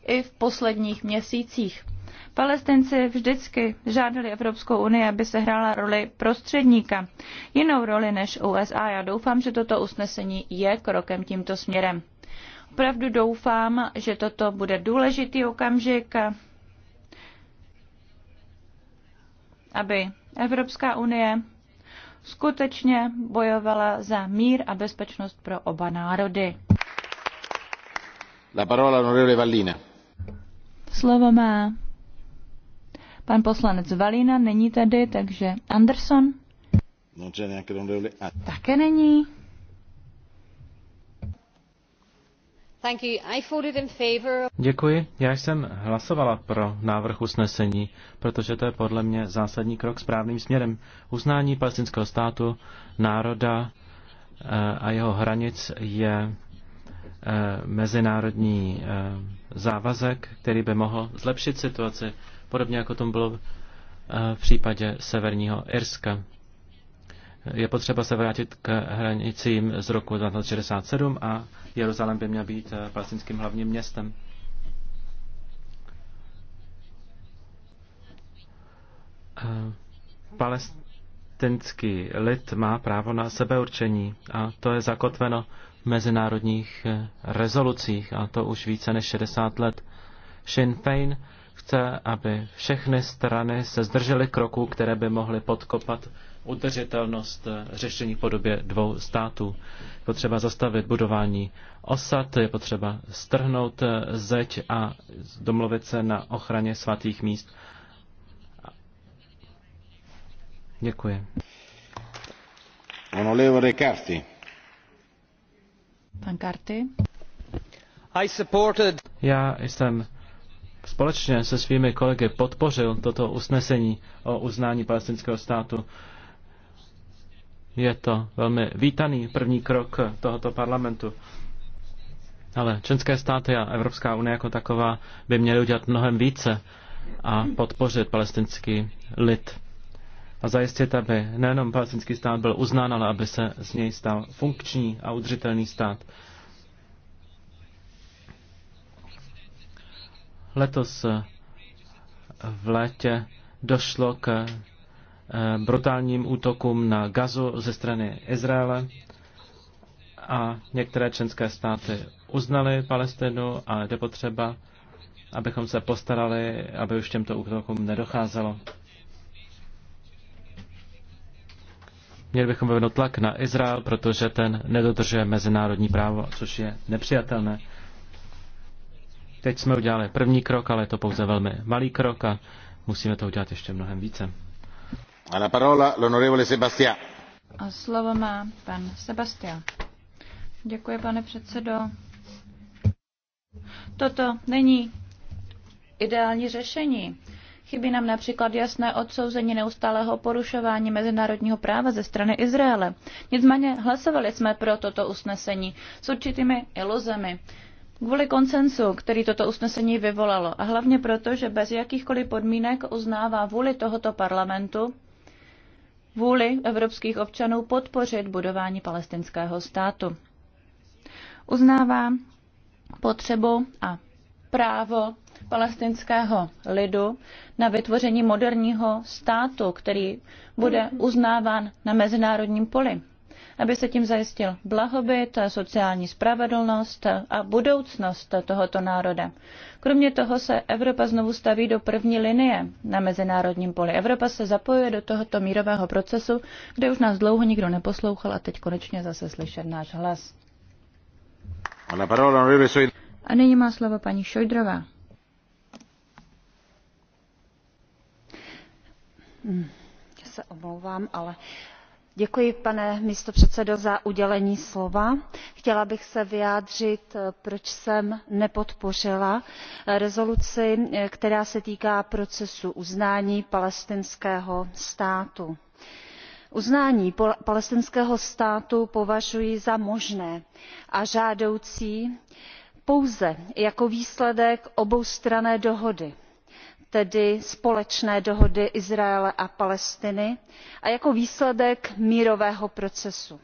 S8: i v posledních měsících. Palestinci vždycky žádali Evropskou unii, aby se hrála roli prostředníka, jinou roli než USA. Já doufám, že toto usnesení je krokem tímto směrem. Opravdu doufám, že toto bude důležitý okamžik, aby Evropská unie skutečně bojovala za mír a bezpečnost pro oba národy. Slovo má pan poslanec Valina, není tady, takže Anderson. Také není.
S1: Děkuji. Já
S9: jsem hlasovala pro návrh usnesení, protože to je podle mě zásadní krok správným směrem. Uznání palestinského státu, národa eh, a jeho hranic je Eh, mezinárodní eh, závazek, který by mohl zlepšit situaci, podobně jako tomu bylo eh, v případě Severního Irska. Je potřeba se vrátit k hranicím z roku 1967 a Jeruzalém by měl být palestinským hlavním městem. Palestinský lid má právo na sebeurčení a to je zakotveno mezinárodních eh, rezolucích, a to už více než 60 let. Sinn Féin chce, aby všechny strany se zdržely kroků, které by mohly podkopat udržitelnost eh, řešení v podobě dvou států. Je potřeba zastavit budování osad, je potřeba strhnout eh, zeď a domluvit se na ochraně svatých míst. Děkuji.
S1: Onorevole Carti.
S8: Pan Karty.
S9: Já jsem společně se svými kolegy podpořil toto usnesení o uznání palestinského státu. Je to velmi vítaný první krok tohoto parlamentu. Ale členské státy a Evropská unie jako taková by měly udělat mnohem více a podpořit palestinský lid a zajistit, aby nejenom palestinský stát byl uznán, ale aby se z něj stal funkční a udržitelný stát. Letos eh, v létě došlo k eh, brutálním útokům na Gazu ze strany Izraele a některé členské státy uznaly Palestinu a je potřeba, abychom se postarali, aby už těmto útokům nedocházelo. Měli bychom vyvinout tlak na Izrael, protože ten nedodržuje mezinárodní právo, což je nepřijatelné. Teď jsme udělali první krok, ale je to pouze velmi malý krok a musíme to udělat ještě mnohem více.
S1: A la parola l'onorevole Sebastia.
S8: A slovo má pan Sebastián. Děkuji, pane předsedo. Toto není ideální řešení. Chybí nám například jasné odsouzení neustálého porušování mezinárodního práva ze strany Izraele. Nicméně hlasovali jsme pro toto usnesení s určitými iluzemi. Kvůli koncensu, který toto usnesení vyvolalo a hlavně proto, že bez jakýchkoliv podmínek uznává vůli tohoto parlamentu, vůli evropských občanů podpořit budování palestinského státu. Uznává potřebu a právo palestinského lidu na vytvoření moderního státu, který bude uznáván na mezinárodním poli, aby se tím zajistil blahobyt, sociální spravedlnost a budoucnost tohoto národa. Kromě toho se Evropa znovu staví do první linie na mezinárodním poli. Evropa se zapojuje do tohoto mírového procesu, kde už nás dlouho nikdo neposlouchal a teď konečně zase slyšet náš hlas. A nyní má slovo paní Šojdrová. se
S10: omlouvám ale děkuji pane místopředsedo udělení slova. chtěla bych se vyjádřit eh, proč jsem nepodpořila eh, rezoluci eh, která se týká procesu uznání palestinského státu. uznání palestinského státu považuji za možné a žádoucí pouze jako výsledek oboustranné dohody tedy společné dohody izraele a palestiny a jako výsledek mírového procesu.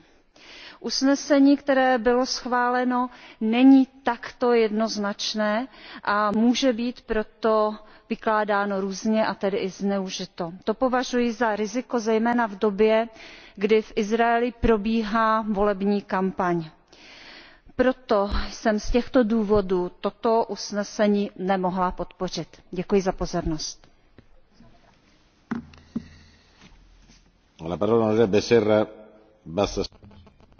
S10: usnesení které bylo schváleno není takto jednoznačné a může být proto vykládáno různě a tedy i zneužito. to považuji za riziko zejména v době kdy v izraeli probíhá volební kampaň proto jsem z těchto důvodů toto usnesení nemohla podpořit. děkuji za pozornost.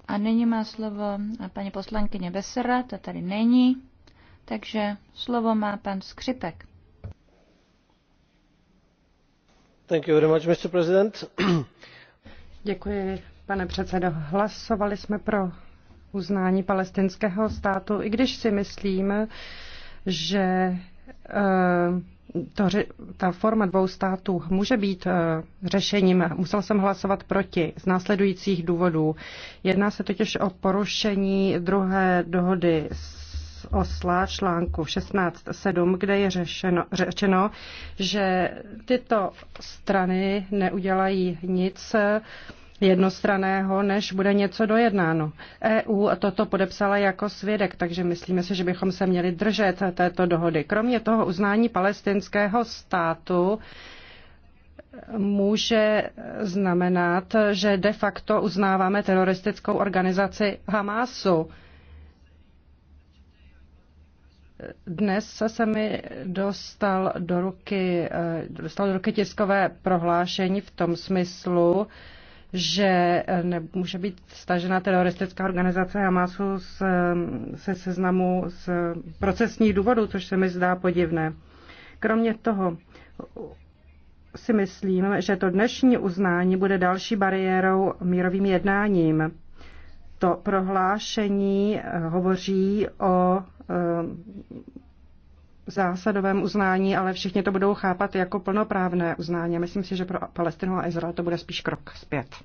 S8: A nyní má slovo paní poslankyně Besera, ta tady není, takže slovo má pan Skřipek.
S6: Thank you very much, Mr. President.
S2: Děkuji, pane předsedo. Hlasovali jsme pro uznání palestinského státu, i když si myslím, že eh, to, ta forma dvou států může být eh, řešením. Musel jsem hlasovat proti z následujících důvodů. Jedná se totiž o porušení druhé dohody z Osla článku 16.7, kde je řešeno, řečeno, že tyto strany neudělají nic, jednostraného, než bude něco dojednáno. EU toto podepsala jako svědek, takže myslíme si, že bychom se měli držet této dohody. Kromě toho uznání palestinského státu může znamenat, že de facto uznáváme teroristickou organizaci Hamásu. Dnes se mi dostal do ruky, dostal do ruky tiskové prohlášení v tom smyslu, že eh, může být stažena teroristická organizace Hamasu z, se eh, seznamu z procesních důvodů, což se mi zdá podivné. Kromě toho si myslím, že to dnešní uznání bude další bariérou mírovým jednáním. To prohlášení eh, hovoří o zásadovém uznání, ale všichni to budou chápat jako plnoprávné uznání. Myslím si, že pro Palestinu a Izrael to bude spíš krok zpět.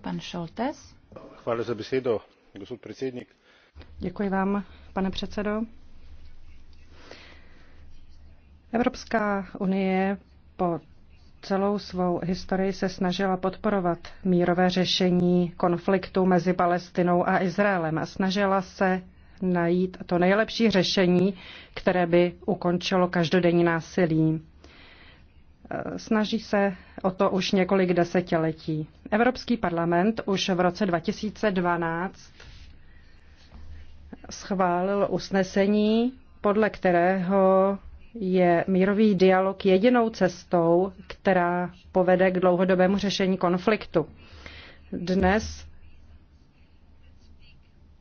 S2: Pan Šoltes.
S1: Chvále za besedo, gospod předsednik.
S2: Děkuji vám, pane předsedo. Evropská unie po celou svou historii se snažila podporovat mírové řešení konfliktu mezi Palestinou a Izraelem a snažila se najít to nejlepší řešení, které by ukončilo každodenní násilí. Snaží se o to už několik desetiletí. Evropský parlament už v roce 2012 schválil usnesení, podle kterého je mírový dialog jedinou cestou, která povede k dlouhodobému řešení konfliktu. Dnes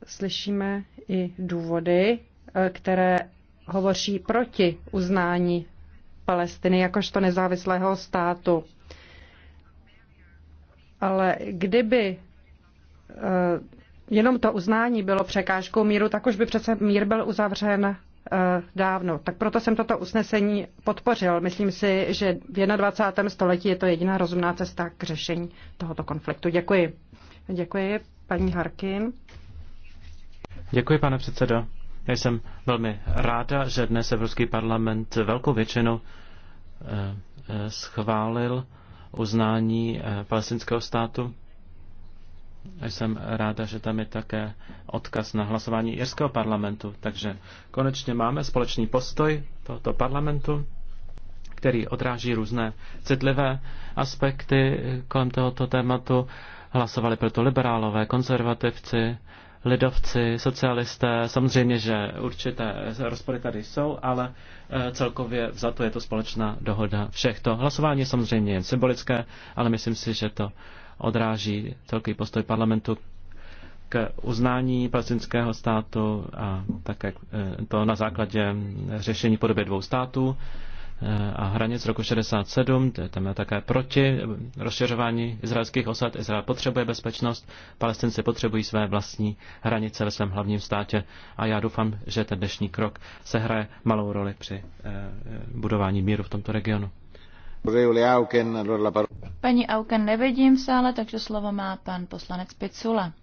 S2: slyšíme i důvody, eh, které hovoří proti uznání Palestiny jakožto nezávislého státu. Ale kdyby eh, jenom to uznání bylo překážkou míru, tak už by přece mír byl uzavřen eh, dávno. Tak proto jsem toto usnesení podpořil. Myslím si, že v 21. století je to jediná rozumná cesta k řešení tohoto konfliktu. Děkuji. Děkuji, paní Harkin.
S9: Děkuji, pane předsedo. Já jsem velmi ráda, že dnes Evropský parlament velkou většinu eh, eh, schválil uznání eh, palestinského státu. Já jsem ráda, že tam je také odkaz na hlasování Jirského parlamentu. Takže konečně máme společný postoj tohoto parlamentu, který odráží různé citlivé aspekty kolem tohoto tématu. Hlasovali proto liberálové, konzervativci, lidovci, socialisté. Samozřejmě, že určité rozpory tady jsou, ale eh, celkově za to je to společná dohoda všech. To hlasování je samozřejmě jen symbolické, ale myslím si, že to odráží celkový postoj parlamentu k uznání palestinského státu a také eh, to na základě řešení podobě dvou států. Eh, a hranic roku 67, tam je také proti rozšiřování izraelských osad. Izrael potřebuje bezpečnost, palestinci potřebují své vlastní hranice ve svém hlavním státě a já doufám, že ten dnešní krok se hraje malou roli při eh, eh, budování míru v tomto regionu.
S8: Paní Auken nevidím v sále, takže slovo má pan poslanec Picula.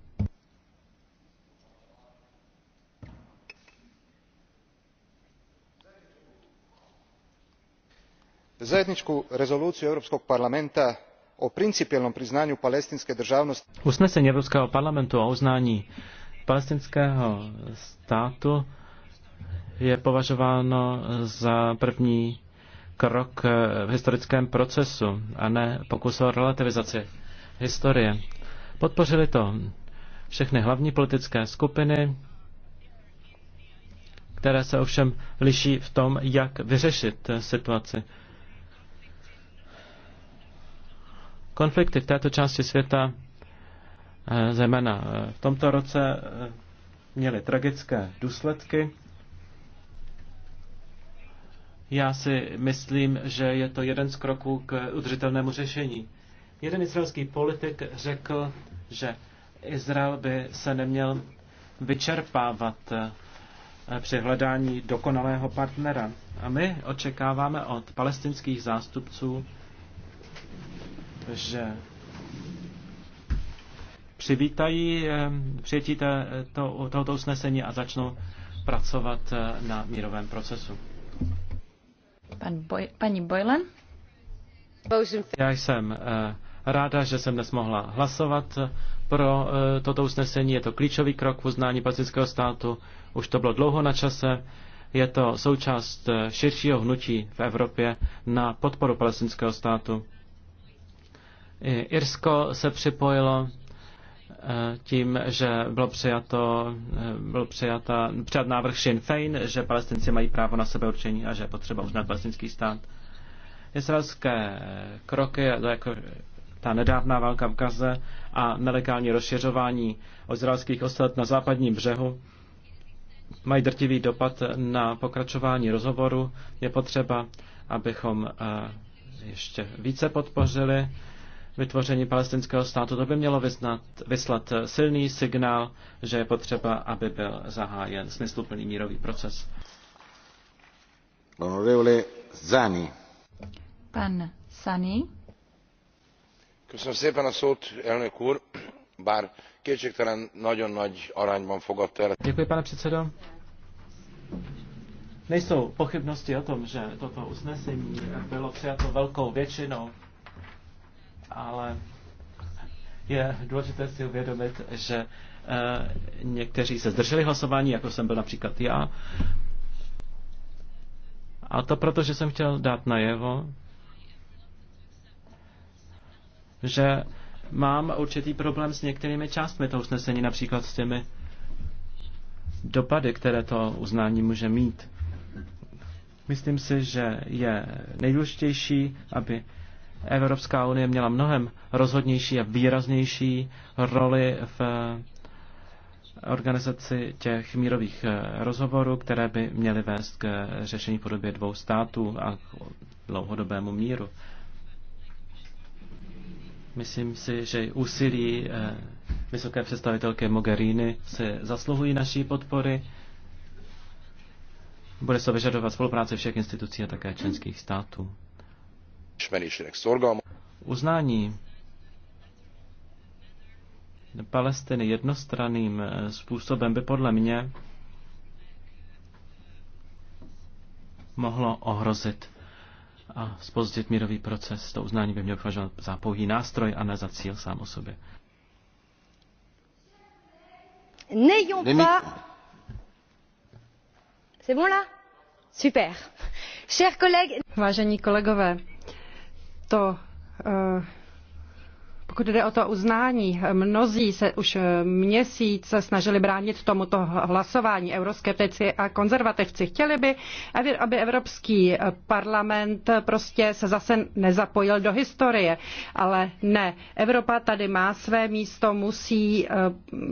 S1: zajedničku rezoluciju europskog parlamenta o principijelnom priznanju palestinske državnosti
S9: usnesení Evropského parlamentu o uznání palestinského státu je považováno za první krok v historickém procesu a ne pokus o relativizaci historie. Podpořili to všechny hlavní politické skupiny, které se ovšem liší v tom, jak vyřešit situaci. Konflikty v této části světa, eh, zejména eh, v tomto roce, eh, měly tragické důsledky. Já si myslím, že je to jeden z kroků k udržitelnému řešení. Jeden izraelský politik řekl, že Izrael by se neměl vyčerpávat při hledání dokonalého partnera. A my očekáváme od palestinských zástupců, že přivítají eh, přijetí to, tohoto usnesení a začnou pracovat eh, na mírovém procesu.
S8: Pan Boj, paní Boylan? Já
S9: jsem eh, ráda, že jsem dnes mohla hlasovat pro toto usnesení. Je to klíčový krok v uznání palestinského státu. Už to bylo dlouho na čase. Je to součást širšího hnutí v Evropě na podporu palestinského státu. Irsko se připojilo eh, tím, že bylo přijato, eh, byl přijata, přijat návrh Sinn Fein, že palestinci mají právo na sebeurčení a že je potřeba uznat palestinský stát. Izraelské kroky, jako ta nedávná válka v Gaze a nelegální rozšiřování izraelských osad na západním břehu, mají drtivý dopad na pokračování rozhovoru. Je potřeba, abychom eh, ještě více podpořili vytvoření palestinského státu, to by mělo vyznat, vyslat silný signál, že je potřeba, aby byl zahájen smysluplný mírový proces.
S1: Honorevole Zani.
S8: Pan Sani.
S1: Köszönöm szépen a szót, elnök úr. Bár kétségtelen nagyon
S7: nagy arányban fogadta el.
S9: Děkuji, pane předsedo. Nejsou pochybnosti o tom, že toto usnesení bylo přijato velkou většinou ale je důležité si uvědomit, že eh, někteří se zdrželi hlasování, jako jsem byl například já. A to proto, že jsem chtěl dát najevo, že mám určitý problém s některými částmi toho usnesení, například s těmi dopady, které to uznání může mít. Myslím si, že je nejdůležitější, aby Evropská unie měla mnohem rozhodnější a výraznější roli v eh, organizaci těch mírových eh, rozhovorů, které by měly vést k řešení podobě dvou států a k dlouhodobému míru. Myslím si, že úsilí eh, vysoké představitelky Mogherini se zasluhují naší podpory. Bude se vyžadovat spolupráce všech institucí a také členských států. Uznání Palestiny jednostranným eh, způsobem by podle mě mohlo ohrozit a spozdit mírový proces. To uznání by měl považovat za pouhý nástroj a ne za cíl sám o sobě.
S2: N'ayons pas... C'est bon là? Super. Chers collègues... Vážení kolegové, to eh, pokud jde o to uznání, mnozí se už měsíc snažili bránit tomuto hlasování, euroskeptici a konzervativci. Chtěli by, aby Evropský parlament prostě se zase nezapojil do historie, ale ne. Evropa tady má své místo, musí eh,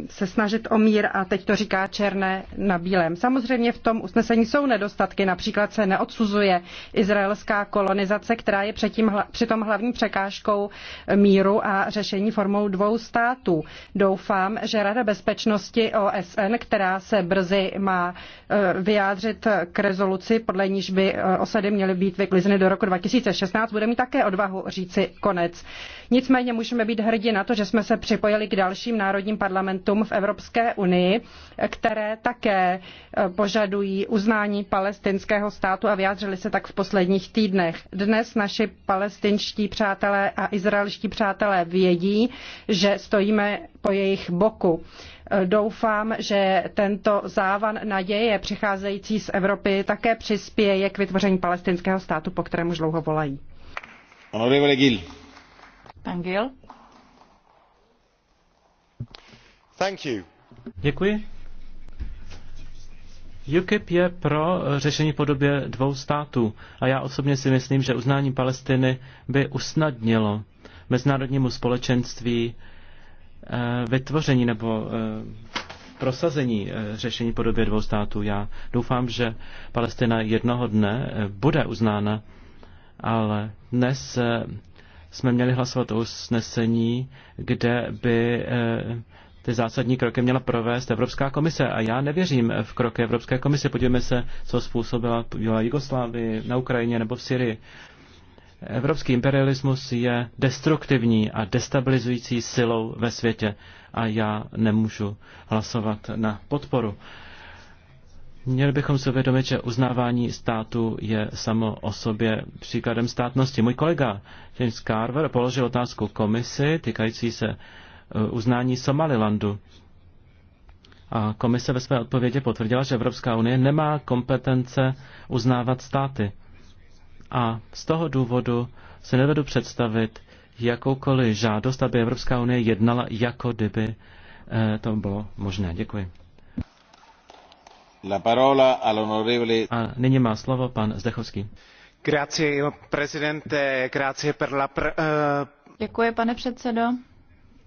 S2: se snažit o mír a teď to říká černé na bílém. Samozřejmě v tom usnesení jsou nedostatky, například se neodsuzuje izraelská kolonizace, která je předtím, přitom hlavní překážkou míru a řešení formou dvou států. Doufám, že Rada bezpečnosti OSN, která se brzy má e, vyjádřit k rezoluci, podle níž by e, osady měly být vyklizeny do roku 2016, bude mít také odvahu říci konec. Nicméně můžeme být hrdí na to, že jsme se připojili k dalším národním parlamentům v Evropské unii, které také e, požadují uznání palestinského státu a vyjádřili se tak v posledních týdnech. Dnes naši palestinští přátelé a izraelští přátelé vědí, vědí, že stojíme po jejich boku. Doufám, že tento závan naděje přicházející z Evropy také přispěje k vytvoření palestinského státu, po kterém už dlouho volají.
S1: Honorable Gil. Pan Gil. Thank
S4: you.
S9: Děkuji. UKIP je pro řešení podobě dvou států a já osobně si myslím, že uznání Palestiny by usnadnilo mezinárodnímu společenství eh, vytvoření nebo eh, prosazení eh, řešení podobě dvou států. Já doufám, že Palestina jednoho dne bude uznána, ale dnes jsme měli hlasovat o usnesení, kde by ty zásadní kroky měla provést Evropská komise. A já nevěřím v kroky Evropské komise. Podívejme se, co způsobila Jugoslávii, na Ukrajině nebo v Syrii. Evropský imperialismus je destruktivní a destabilizující silou ve světě a já nemůžu hlasovat na podporu. Měli bychom si uvědomit, že uznávání státu je samo o sobě příkladem státnosti. Můj kolega James Carver položil otázku komisi týkající se eh, uznání Somalilandu. A komise ve své odpovědi potvrdila, že Evropská unie nemá kompetence uznávat státy. A z toho důvodu se nevedu představit jakoukoliv žádost, aby Evropská unie jednala, jako kdyby eh, to bylo možné. Děkuji.
S1: La parola all'onorevole... A nyní má
S9: slovo pan Zdechovský.
S6: Grazie, presidente, grazie per la pr- uh...
S8: Děkuji, pane předsedo.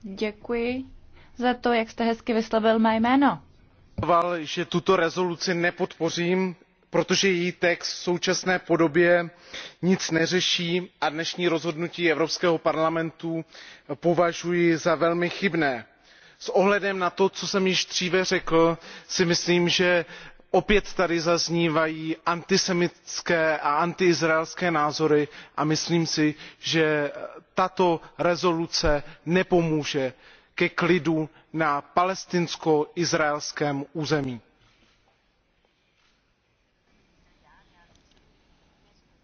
S8: Děkuji za to, jak jste hezky vyslovil mé jméno.
S6: že tuto rezoluci nepodpořím protože její text v současné podobě nic neřeší a dnešní rozhodnutí evropského parlamentu považuji za velmi chybné. s ohledem na to co jsem již dříve řekl si myslím že opět tady zaznívají
S5: antisemitské a antiizraelské názory a myslím si že tato rezoluce nepomůže ke klidu na palestinsko izraelském území.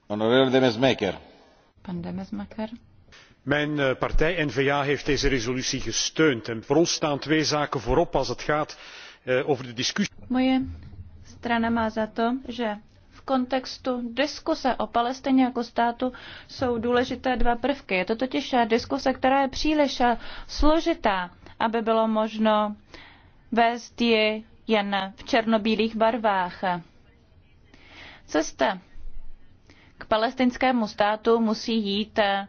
S1: Honorable Demesmaker.
S8: Pan Demesmaker.
S1: Mijn eh, partij n va heeft deze resolutie gesteund. En voor ons staan twee zaken voorop als het gaat eh, over de discussie.
S8: Moje strana má za to, že v kontextu diskuse o Palestině jako státu jsou důležité dva prvky. Je to totiž diskuse, která je příliš složitá, aby bylo možno vést ji jen v černobílých barvách. Cesta k palestinskému státu musí jít eh,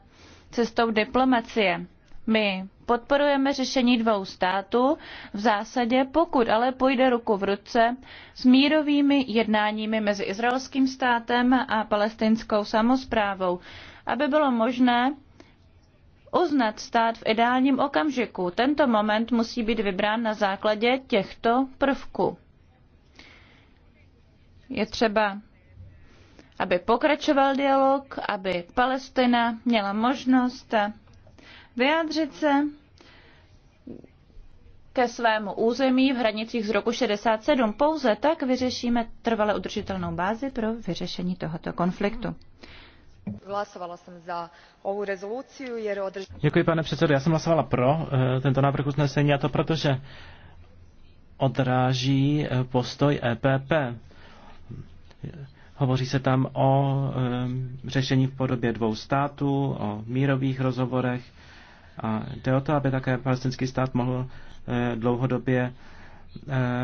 S8: cestou diplomacie. My podporujeme řešení dvou států, v zásadě pokud ale půjde ruku v ruce s mírovými jednáními mezi izraelským státem a palestinskou samozprávou, aby bylo možné uznat stát v ideálním okamžiku. Tento moment musí být vybrán na základě těchto prvků. Je třeba aby pokračoval dialog, aby Palestina měla možnost vyjádřit se ke svému území v hranicích z roku 67. Pouze tak vyřešíme trvale udržitelnou bázi pro vyřešení tohoto konfliktu.
S10: Hlasovala jsem za ovu rezoluci, održ...
S9: Děkuji, pane předsedo. Já jsem hlasovala pro eh, tento návrh usnesení a to proto, že odráží eh, postoj EPP Hovoří se tam o e, řešení v podobě dvou států, o mírových rozhovorech a jde o to, aby také palestinský stát mohl e, dlouhodobě e,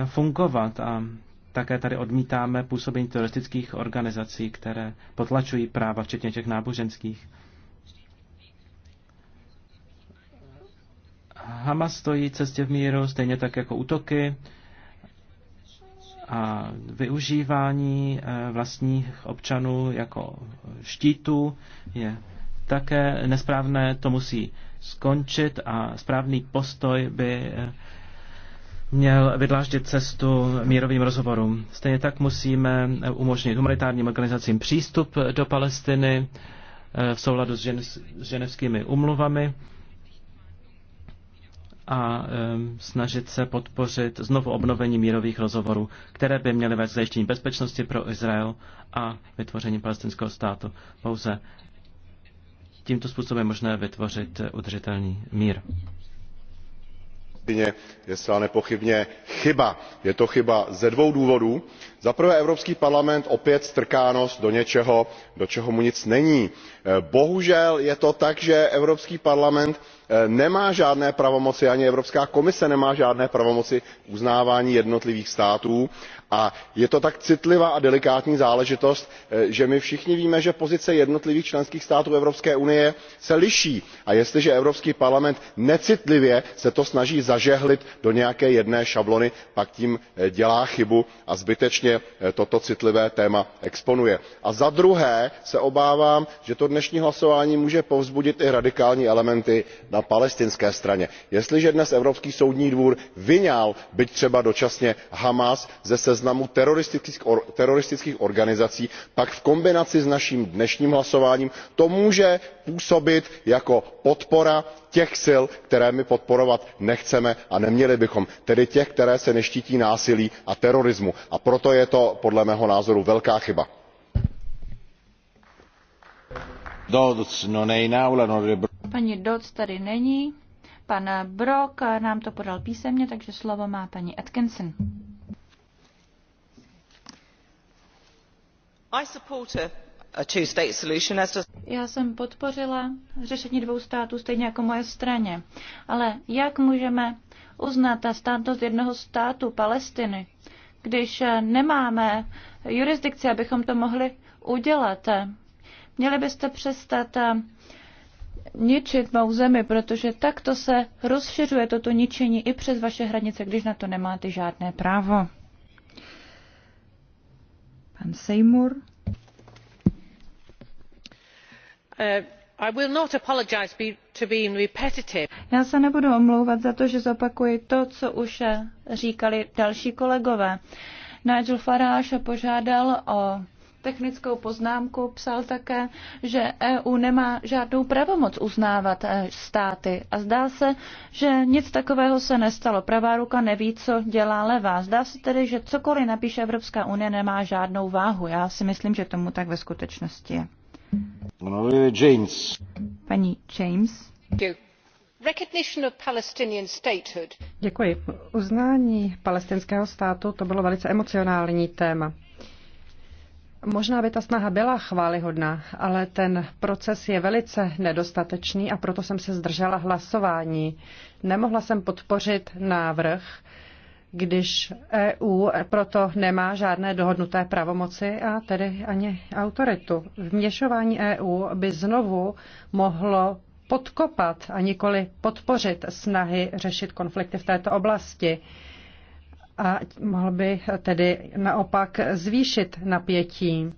S9: fungovat a také tady odmítáme působení teroristických organizací, které potlačují práva, včetně těch náboženských. Hamas stojí cestě v míru, stejně tak jako útoky a využívání eh, vlastních občanů jako štítu je také nesprávné, to musí skončit a správný postoj by eh, měl vydláždit cestu mírovým rozhovorům. Stejně tak musíme eh, umožnit humanitárním organizacím přístup do Palestiny v souladu s ženevskými umluvami a snažit se podpořit znovu obnovení mírových rozhovorů, které by měly vést zajištění bezpečnosti pro Izrael a vytvoření palestinského státu. Pouze tímto způsobem je možné vytvořit udržitelný mír.
S7: je zcela nepochybně chyba. je to chyba ze dvou důvodů za prvé, evropský parlament opět strká nos do něčeho do čeho mu nic není. Eh, bohužel je to tak že evropský parlament eh, nemá žádné pravomoci ani evropská komise nemá žádné pravomoci k uznávání jednotlivých států a je to tak citlivá a delikátní záležitost eh, že my všichni víme že pozice jednotlivých členských států evropské unie se liší a jestliže evropský parlament necitlivě se to snaží zažehlit do nějaké jedné šablony pak tím dělá chybu a zbytečně skutečně eh, toto citlivé téma exponuje. a za druhé se obávám že to dnešní hlasování může povzbudit i radikální elementy na palestinské straně. jestliže dnes evropský soudní dvůr vyňal byť třeba dočasně hamás ze seznamu teroristických organizací pak v kombinaci s naším dnešním hlasováním to může působit jako podpora těch sil které my podporovat nechceme a neměli bychom tedy těch které se neštítí násilí a terorismu. a proto je to podle mého názoru velká chyba.
S1: No no paní
S8: dodds tady není pan brok nám to podal písemně takže slovo má paní atkinson. já jsem podpořila řešení dvou států stejně jako moje straně ale jak můžeme uznat státnost jednoho státu palestiny když nemáme jurisdikci, abychom to mohli udělat. Měli byste přestat eh, ničit mou zemi, protože takto se rozšiřuje toto ničení i přes vaše hranice, když na to nemáte žádné právo. Pan Seymour. Eh, já se nebudu omlouvat za to že zopakuji to co už říkali další kolegové. nigel farage požádal o technickou poznámku psal také že eu nemá žádnou pravomoc uznávat e, státy a zdá se že nic takového se nestalo. pravá ruka neví co dělá levá. zdá se tedy že cokoliv napíše evropská unie nemá žádnou váhu. já si myslím že tomu tak ve skutečnosti je.
S1: James.
S8: Paní James. Uznání
S2: palestinského státu to bylo velice emocionální téma. Možná by ta snaha byla chválihodná, ale ten proces je velice nedostatečný a proto jsem se zdržela hlasování. Nemohla jsem podpořit návrh, když EU proto nemá žádné dohodnuté pravomoci a tedy ani autoritu. Vměšování EU by znovu mohlo podkopat a nikoli podpořit snahy řešit konflikty v této oblasti a mohl by tedy naopak zvýšit napětí.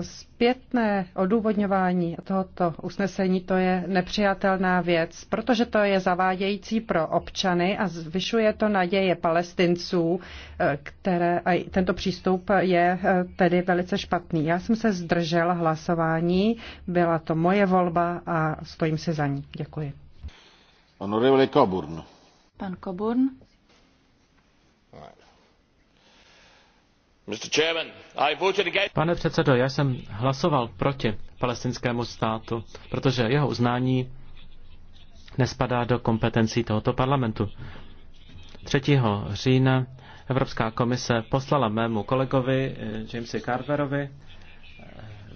S2: Zpětné odůvodňování tohoto usnesení to je nepřijatelná věc, protože to je zavádějící pro občany a zvyšuje to naděje palestinců, eh, které a tento přístup je eh, tedy velice špatný. Já jsem se zdržel hlasování, byla to moje volba a stojím si za ní. Děkuji.
S1: Honorable Coburn.
S8: Pan Coburn.
S9: Pane předsedo, já jsem hlasoval proti palestinskému státu, protože jeho uznání nespadá do kompetencí tohoto parlamentu. 3. října Evropská komise poslala mému kolegovi eh, Jamesi Carverovi eh,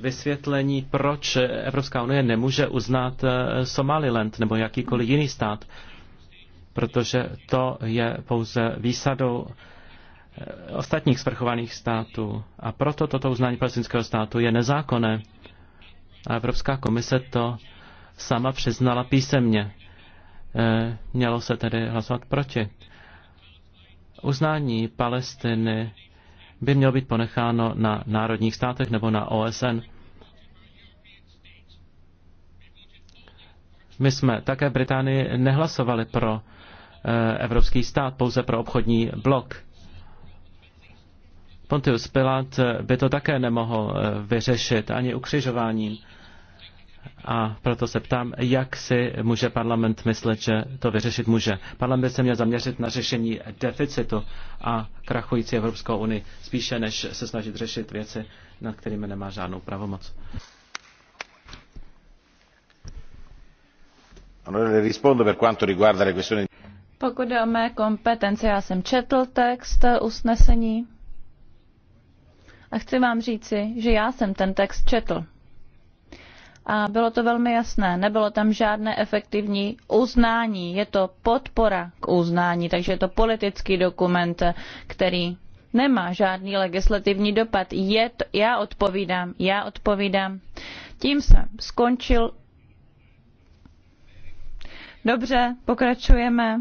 S9: vysvětlení, proč Evropská unie nemůže uznat eh, Somaliland nebo jakýkoliv jiný stát, protože to je pouze výsadou Eh, ostatních svrchovaných států. A proto toto uznání palestinského státu je nezákonné. A Evropská komise to sama přiznala písemně. Eh, mělo se tedy hlasovat proti. Uznání Palestiny by mělo být ponecháno na národních státech nebo na OSN. My jsme také v Británii nehlasovali pro eh, evropský stát, pouze pro obchodní blok. Pontius Pilát by to také nemohl eh, vyřešit ani ukřižováním. A proto se ptám, jak si může parlament myslet, že to vyřešit může. Parlament by se měl zaměřit na řešení deficitu a krachující Evropskou unii, spíše než se snažit řešit věci, nad kterými nemá žádnou pravomoc.
S8: Pokud jde o mé kompetence, já jsem četl text usnesení. A chci vám říci, že já jsem ten text četl. A bylo to velmi jasné, nebylo tam žádné efektivní uznání, je to podpora k uznání, takže je to politický dokument, který nemá žádný legislativní dopad. Je to, já odpovídám, já odpovídám. Tím jsem skončil. Dobře, pokračujeme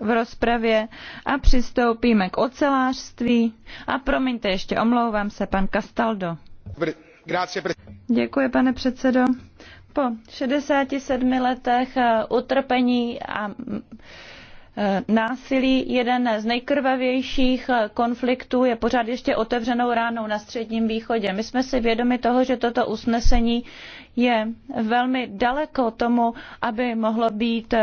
S8: v rozpravě a přistoupíme k ocelářství. A promiňte ještě, omlouvám se, pan Castaldo. Děkuji, pane předsedo. Po 67 letech eh, utrpení a mm, eh, násilí jeden z nejkrvavějších eh, konfliktů je pořád ještě otevřenou ránou na středním východě. my jsme si vědomi toho že toto usnesení je velmi daleko tomu aby mohlo být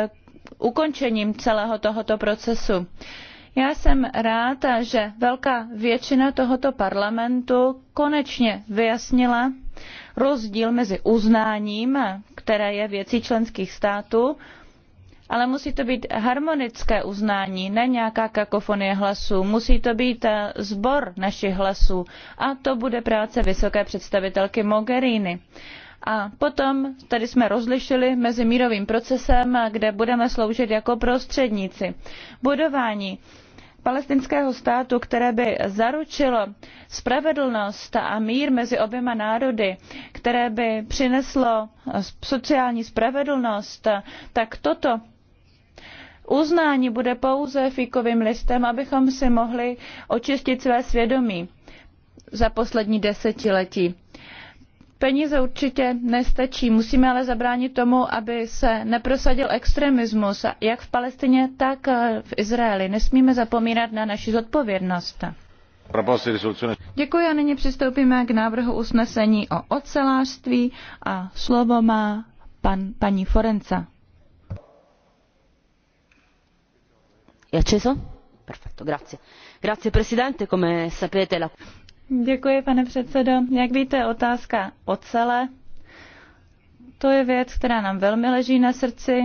S8: ukončením celého tohoto procesu. Já jsem ráda, že velká většina tohoto parlamentu konečně vyjasnila rozdíl mezi uznáním, které je věcí členských států, ale musí to být harmonické uznání, ne nějaká kakofonie hlasů. Musí to být sbor eh, našich hlasů a to bude práce vysoké představitelky Mogherini. A potom tady jsme rozlišili mezi mírovým procesem, kde budeme sloužit jako prostředníci. Budování palestinského státu, které by zaručilo spravedlnost a mír mezi oběma národy, které by přineslo sociální spravedlnost, tak toto uznání bude pouze fíkovým listem, abychom si mohli očistit své svědomí za poslední desetiletí peníze určitě nestačí musíme ale zabránit tomu aby se neprosadil extremismus jak v palestině tak eh, v izraeli. nesmíme zapomínat na naši zodpovědnost. Děkuji a nyní přistoupíme k návrhu usnesení o ocelářství a slovo má pan, paní Forenza. Perfetto, grazie. Grazie Presidente, come sapete la... Děkuji, pane předsedo. Jak víte, otázka ocele. To je věc, která nám velmi leží na srdci.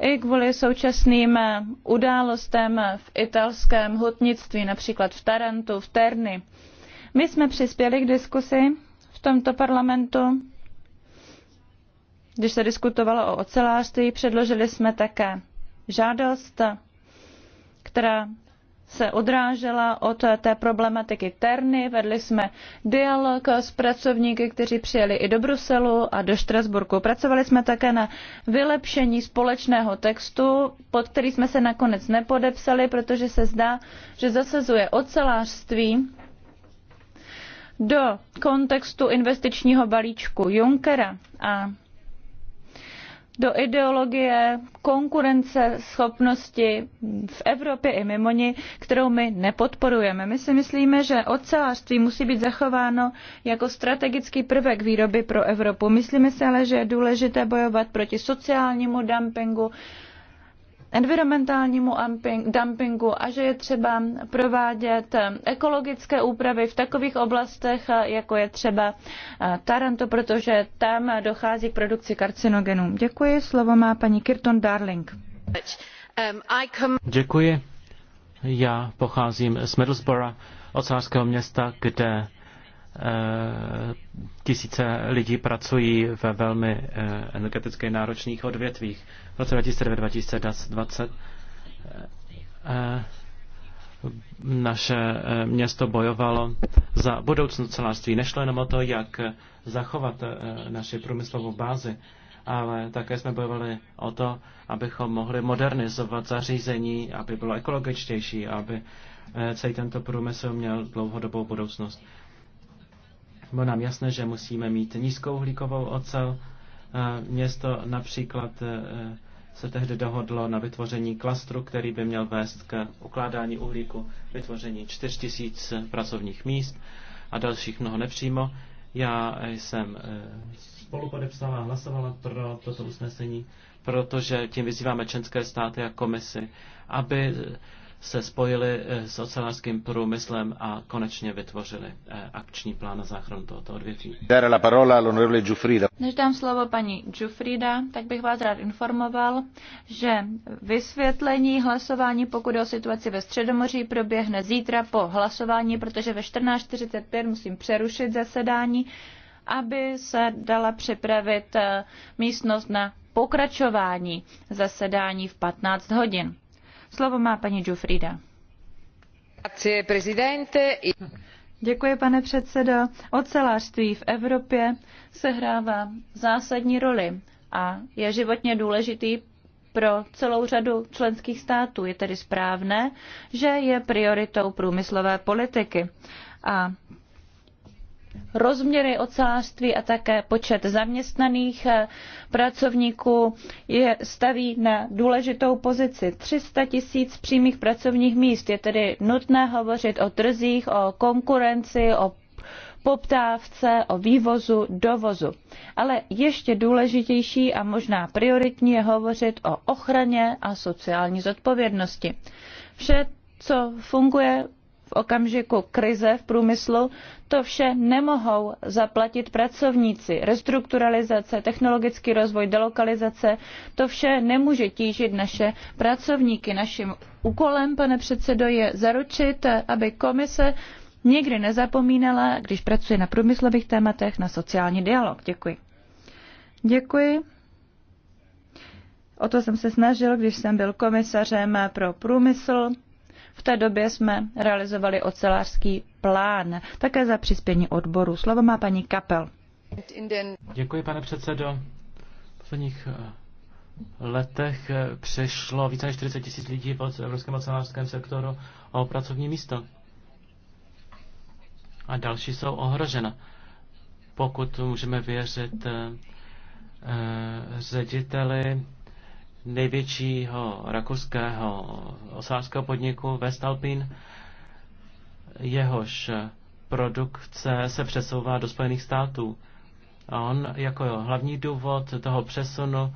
S8: I kvůli současným událostem v italském hutnictví, například v Tarantu, v Terni. My jsme přispěli k diskusi v tomto parlamentu. Když se diskutovalo o ocelářství, předložili jsme také žádost, která se odrážela od té problematiky Terny. Vedli jsme dialog s pracovníky, kteří přijeli i do Bruselu a do Štrasburku. Pracovali jsme také na vylepšení společného textu, pod který jsme se nakonec nepodepsali, protože se zdá, že zasazuje ocelářství do kontextu investičního balíčku Junckera a do ideologie konkurence schopnosti v Evropě i mimo ní, kterou my nepodporujeme. My si myslíme, že ocelářství musí být zachováno jako strategický prvek výroby pro Evropu. Myslíme si ale, že je důležité bojovat proti sociálnímu dumpingu, environmentálnímu dumpingu a že je třeba provádět ekologické úpravy v takových oblastech, jako je třeba Taranto, protože tam dochází k produkci karcinogenů. Děkuji, slovo má paní Kirton Darling. Um,
S9: Děkuji. Já pocházím z Middlesbrough, ocelářského města, kde Eh, tisíce lidí pracují ve velmi eh, energeticky náročných odvětvích. V roce 2020 eh, naše město bojovalo za budoucnost celářství. Nešlo jenom o to, jak zachovat naši průmyslovou bázi, ale také jsme bojovali o to, abychom mohli modernizovat zařízení, aby bylo ekologičtější, aby celý tento průmysl měl dlouhodobou budoucnost bylo nám jasné, že musíme mít nízkou uhlíkovou ocel. E, město například e, se tehdy dohodlo na vytvoření klastru, který by měl vést k ukládání uhlíku, vytvoření 4000 pracovních míst a dalších mnoho nepřímo. Já jsem e, spolu podepsala a hlasovala pro toto usnesení, protože tím vyzýváme členské státy a komisy, aby se spojili eh, s ocelářským průmyslem a konečně vytvořili eh, akční plán na záchranu tohoto odvětví.
S8: Než dám slovo paní Jufrida, tak bych vás rád informoval, že vysvětlení hlasování, pokud o situaci ve Středomoří, proběhne zítra po hlasování, protože ve 14.45 musím přerušit zasedání, aby se dala připravit eh, místnost na pokračování zasedání v 15 hodin. Slovo má paní Jufrida. Děkuji, pane předsedo. Ocelářství v Evropě sehrává zásadní roli a je životně důležitý pro celou řadu členských států. Je tedy správné, že je prioritou průmyslové politiky. A rozměry ocelářství a také počet zaměstnaných eh, pracovníků je staví na důležitou pozici. 300 tisíc přímých pracovních míst je tedy nutné hovořit o trzích, o konkurenci, o poptávce, o vývozu, dovozu. Ale ještě důležitější a možná prioritní je hovořit o ochraně a sociální zodpovědnosti. Vše, co funguje v okamžiku krize v průmyslu, to vše nemohou zaplatit pracovníci. Restrukturalizace, technologický rozvoj, delokalizace, to vše nemůže tížit naše pracovníky. Naším úkolem, pane předsedo, je zaručit, aby komise nikdy nezapomínala, když pracuje na průmyslových tématech, na sociální dialog. Děkuji. Děkuji. O to jsem se snažil, když jsem byl komisařem pro průmysl. V té době jsme realizovali ocelářský plán, také za přispění odboru. Slovo má paní Kapel.
S9: Děkuji, pane předsedo. V posledních eh, letech eh, přešlo více než 40 tisíc lidí v evropském ocelářském sektoru o pracovní místo A další jsou ohrožena. Pokud můžeme věřit eh, řediteli největšího rakouského osářského podniku Westalpin. Jehož produkce se přesouvá do Spojených států. A on jako hlavní důvod toho přesunu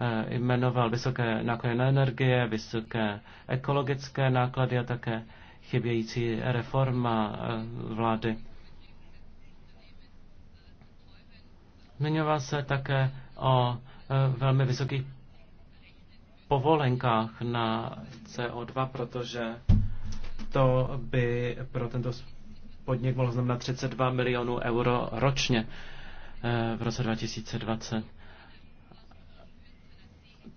S9: eh, jmenoval vysoké náklady na energie, vysoké ekologické náklady a také chybějící reforma eh, vlády. Zmiňoval se také o eh, velmi vysokých povolenkách na CO2, protože to by pro tento podnik mohlo znamenat 32 milionů euro ročně eh, v roce 2020.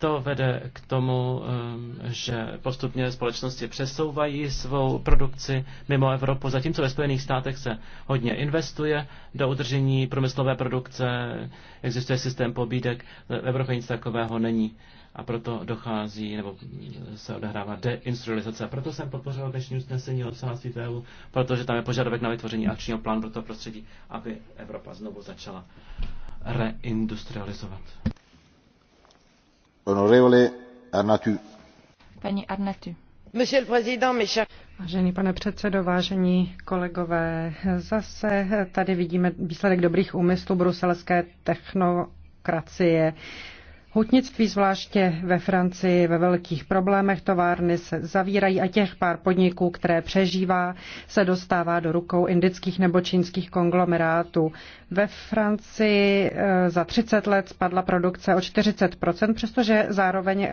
S9: To vede k tomu, um, že postupně společnosti přesouvají svou produkci mimo Evropu, zatímco ve Spojených státech se hodně investuje do udržení průmyslové produkce, existuje systém pobídek, v Evropě nic takového není a proto dochází, nebo se odehrává deindustrializace. Proto jsem podpořil dnešní usnesení od obsahanství EU, protože tam je požadavek na vytvoření akčního plánu pro to prostředí, aby Evropa znovu začala reindustrializovat.
S8: Paní Arnatu.
S2: Vážený pane předsedo, vážení kolegové, zase tady vidíme výsledek dobrých úmyslů bruselské technokracie Hutnictví zvláště ve Francii ve velkých problémech továrny se zavírají a těch pár podniků, které přežívá, se dostává do rukou indických nebo čínských konglomerátů. Ve Francii eh, za 30 let spadla produkce o 40%, přestože zároveň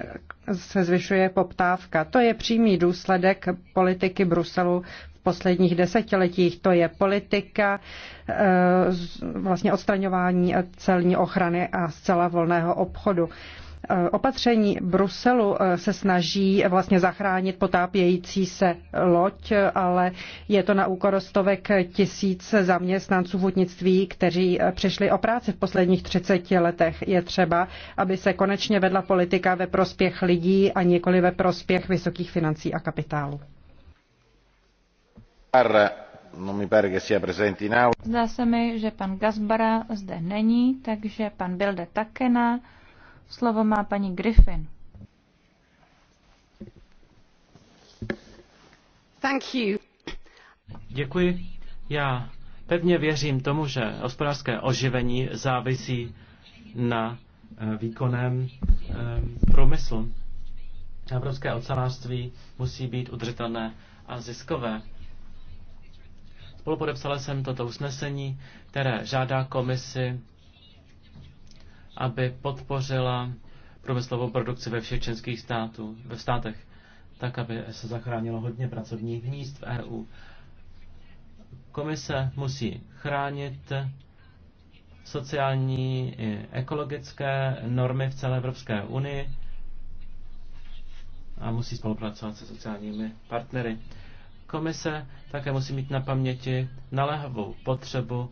S2: se zvyšuje poptávka. To je přímý důsledek politiky Bruselu posledních desetiletích. To je politika eh, vlastně odstraňování celní ochrany a zcela volného obchodu eh, opatření Bruselu eh, se snaží vlastně zachránit potápějící se loď, ale je to na úkor stovek tisíc zaměstnanců hutnictví, kteří přišli o práci v posledních 30 letech. Je třeba, aby se konečně vedla politika ve prospěch lidí a nikoli ve prospěch vysokých financí a kapitálu.
S8: Zdá se mi, že pan Gazbara zde není, takže pan Bilde také na. Slovo má paní Griffin. Thank you.
S9: Děkuji. Já pevně věřím tomu, že hospodářské oživení závisí na eh, výkonem eh, průmyslu. Evropské ocelářství musí být udržitelné a ziskové. Spolupodepsala jsem toto usnesení, které žádá komisi, aby podpořila průmyslovou produkci ve všech členských států, ve státech, tak, aby se zachránilo hodně pracovních míst v EU. Komise musí chránit sociální i ekologické normy v celé Evropské unii a musí spolupracovat se sociálními partnery. Komise také musí mít na paměti naléhavou potřebu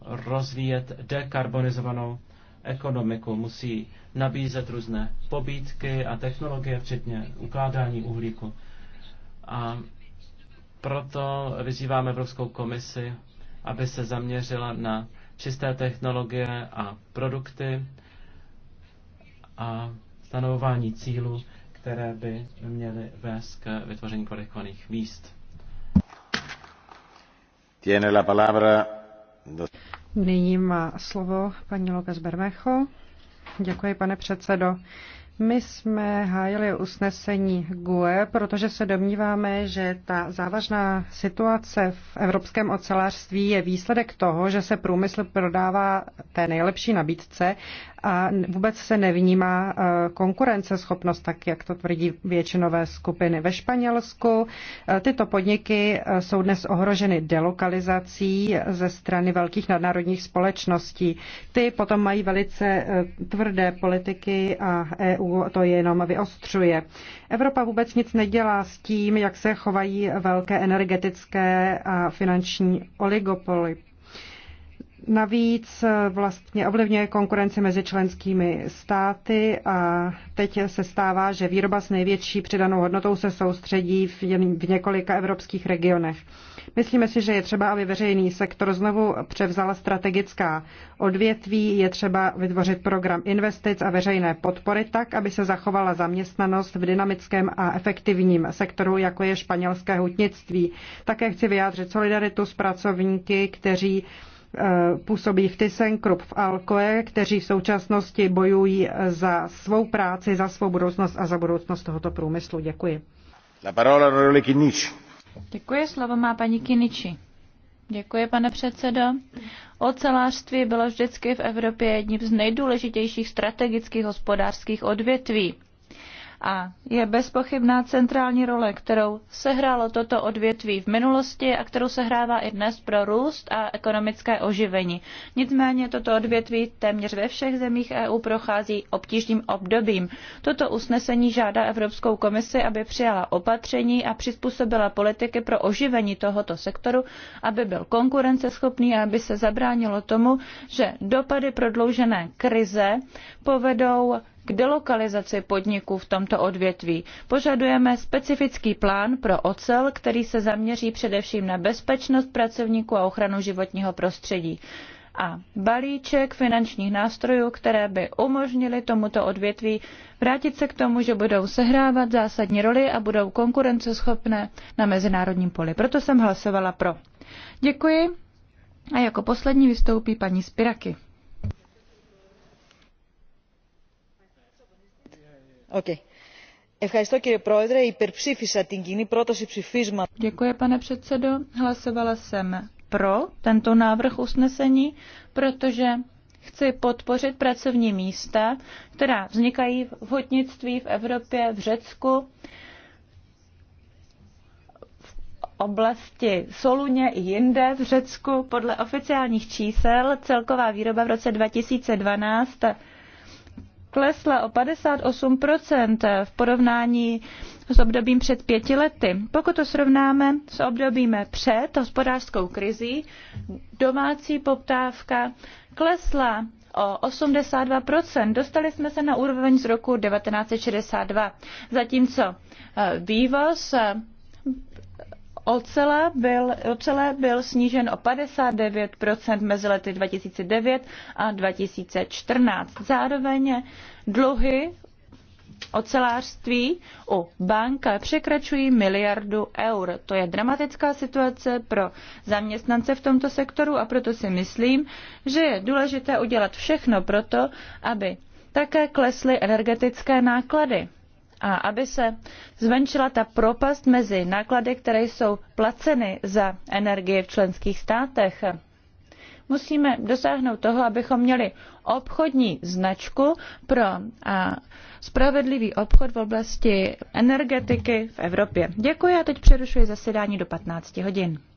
S9: rozvíjet dekarbonizovanou ekonomiku. Musí nabízet různé pobídky a technologie, včetně ukládání uhlíku. A proto vyzýváme Evropskou komisi, aby se zaměřila na čisté technologie a produkty a stanovování cílů, které by měly vést k vytvoření kvalifikovaných míst.
S1: Tiene la palabra...
S2: Nyní má slovo paní Lucas Bermecho. Děkuji, pane předsedo. My jsme hájili usnesení GUE, protože se domníváme, že ta závažná situace v evropském ocelářství je výsledek toho, že se průmysl prodává té nejlepší nabídce a vůbec se nevnímá eh, konkurenceschopnost, tak jak to tvrdí většinové skupiny ve Španělsku. Eh, tyto podniky eh, jsou dnes ohroženy delokalizací ze strany velkých nadnárodních společností. Ty potom mají velice tvrdé politiky a EU to jenom vyostřuje. Evropa vůbec nic nedělá s tím, jak se chovají velké energetické a finanční oligopoly. Navíc eh, vlastně ovlivňuje konkurenci mezi členskými státy a teď se stává, že výroba s největší přidanou hodnotou se soustředí v, jen, v několika evropských regionech. Myslíme si, že je třeba, aby veřejný sektor znovu převzal strategická odvětví, je třeba vytvořit program investic a veřejné podpory tak, aby se zachovala zaměstnanost v dynamickém a efektivním sektoru, jako je španělské hutnictví. Také chci vyjádřit solidaritu s pracovníky, kteří Eh, působí v ThyssenKrupp v Alkoe, kteří v současnosti bojují za svou práci, za svou budoucnost a za budoucnost
S8: tohoto průmyslu. Děkuji.
S1: La parola Roli
S8: Děkuji, slovo má paní Kiniči. Děkuji, pane předsedo. Ocelářství bylo vždycky v Evropě jedním z nejdůležitějších strategických hospodářských odvětví a je bezpochybná centrální role, kterou sehrálo toto odvětví v minulosti a kterou sehrává i dnes pro růst a ekonomické oživení. Nicméně toto odvětví téměř ve všech zemích EU prochází obtížným obdobím. Toto usnesení žádá Evropskou komisi, aby přijala opatření a přizpůsobila politiky pro oživení tohoto sektoru, aby byl konkurenceschopný a aby se zabránilo tomu, že dopady prodloužené krize povedou k delokalizaci podniků v tomto odvětví. Požadujeme specifický plán pro ocel, který se zaměří především na bezpečnost pracovníků a ochranu životního prostředí a balíček finančních nástrojů, které by umožnily tomuto odvětví vrátit se k tomu, že budou sehrávat zásadní roli a budou konkurenceschopné na mezinárodním poli. Proto jsem hlasovala pro. Děkuji. A jako poslední vystoupí paní Spiraky. Děkuji, pane předsedající Hlasovala jsem pro tento návrh usnesení, protože chci podpořit pracovní místa, která vznikají v hutnictví v Evropě, v Řecku, v oblasti Soluně i jinde v Řecku. Podle oficiálních čísel celková výroba v roce 2012 klesla o 58% v porovnání s obdobím před pěti lety. Pokud to srovnáme s obdobím před hospodářskou krizí, domácí poptávka klesla o 82%. Dostali jsme se na úroveň z roku 1962, zatímco eh, vývoz eh, ocele byl, ocele byl snížen o 59% mezi lety 2009 a 2014. Zároveň dluhy ocelářství u banka překračují miliardu eur. To je dramatická situace pro zaměstnance v tomto sektoru a proto si myslím, že je důležité udělat všechno proto, aby také klesly energetické náklady a aby se zmenšila ta propast mezi náklady, které jsou placeny za energie v členských státech, musíme dosáhnout toho, abychom měli obchodní značku pro spravedlivý obchod v oblasti energetiky v Evropě. Děkuji a teď přerušuji zasedání do 15 hodin.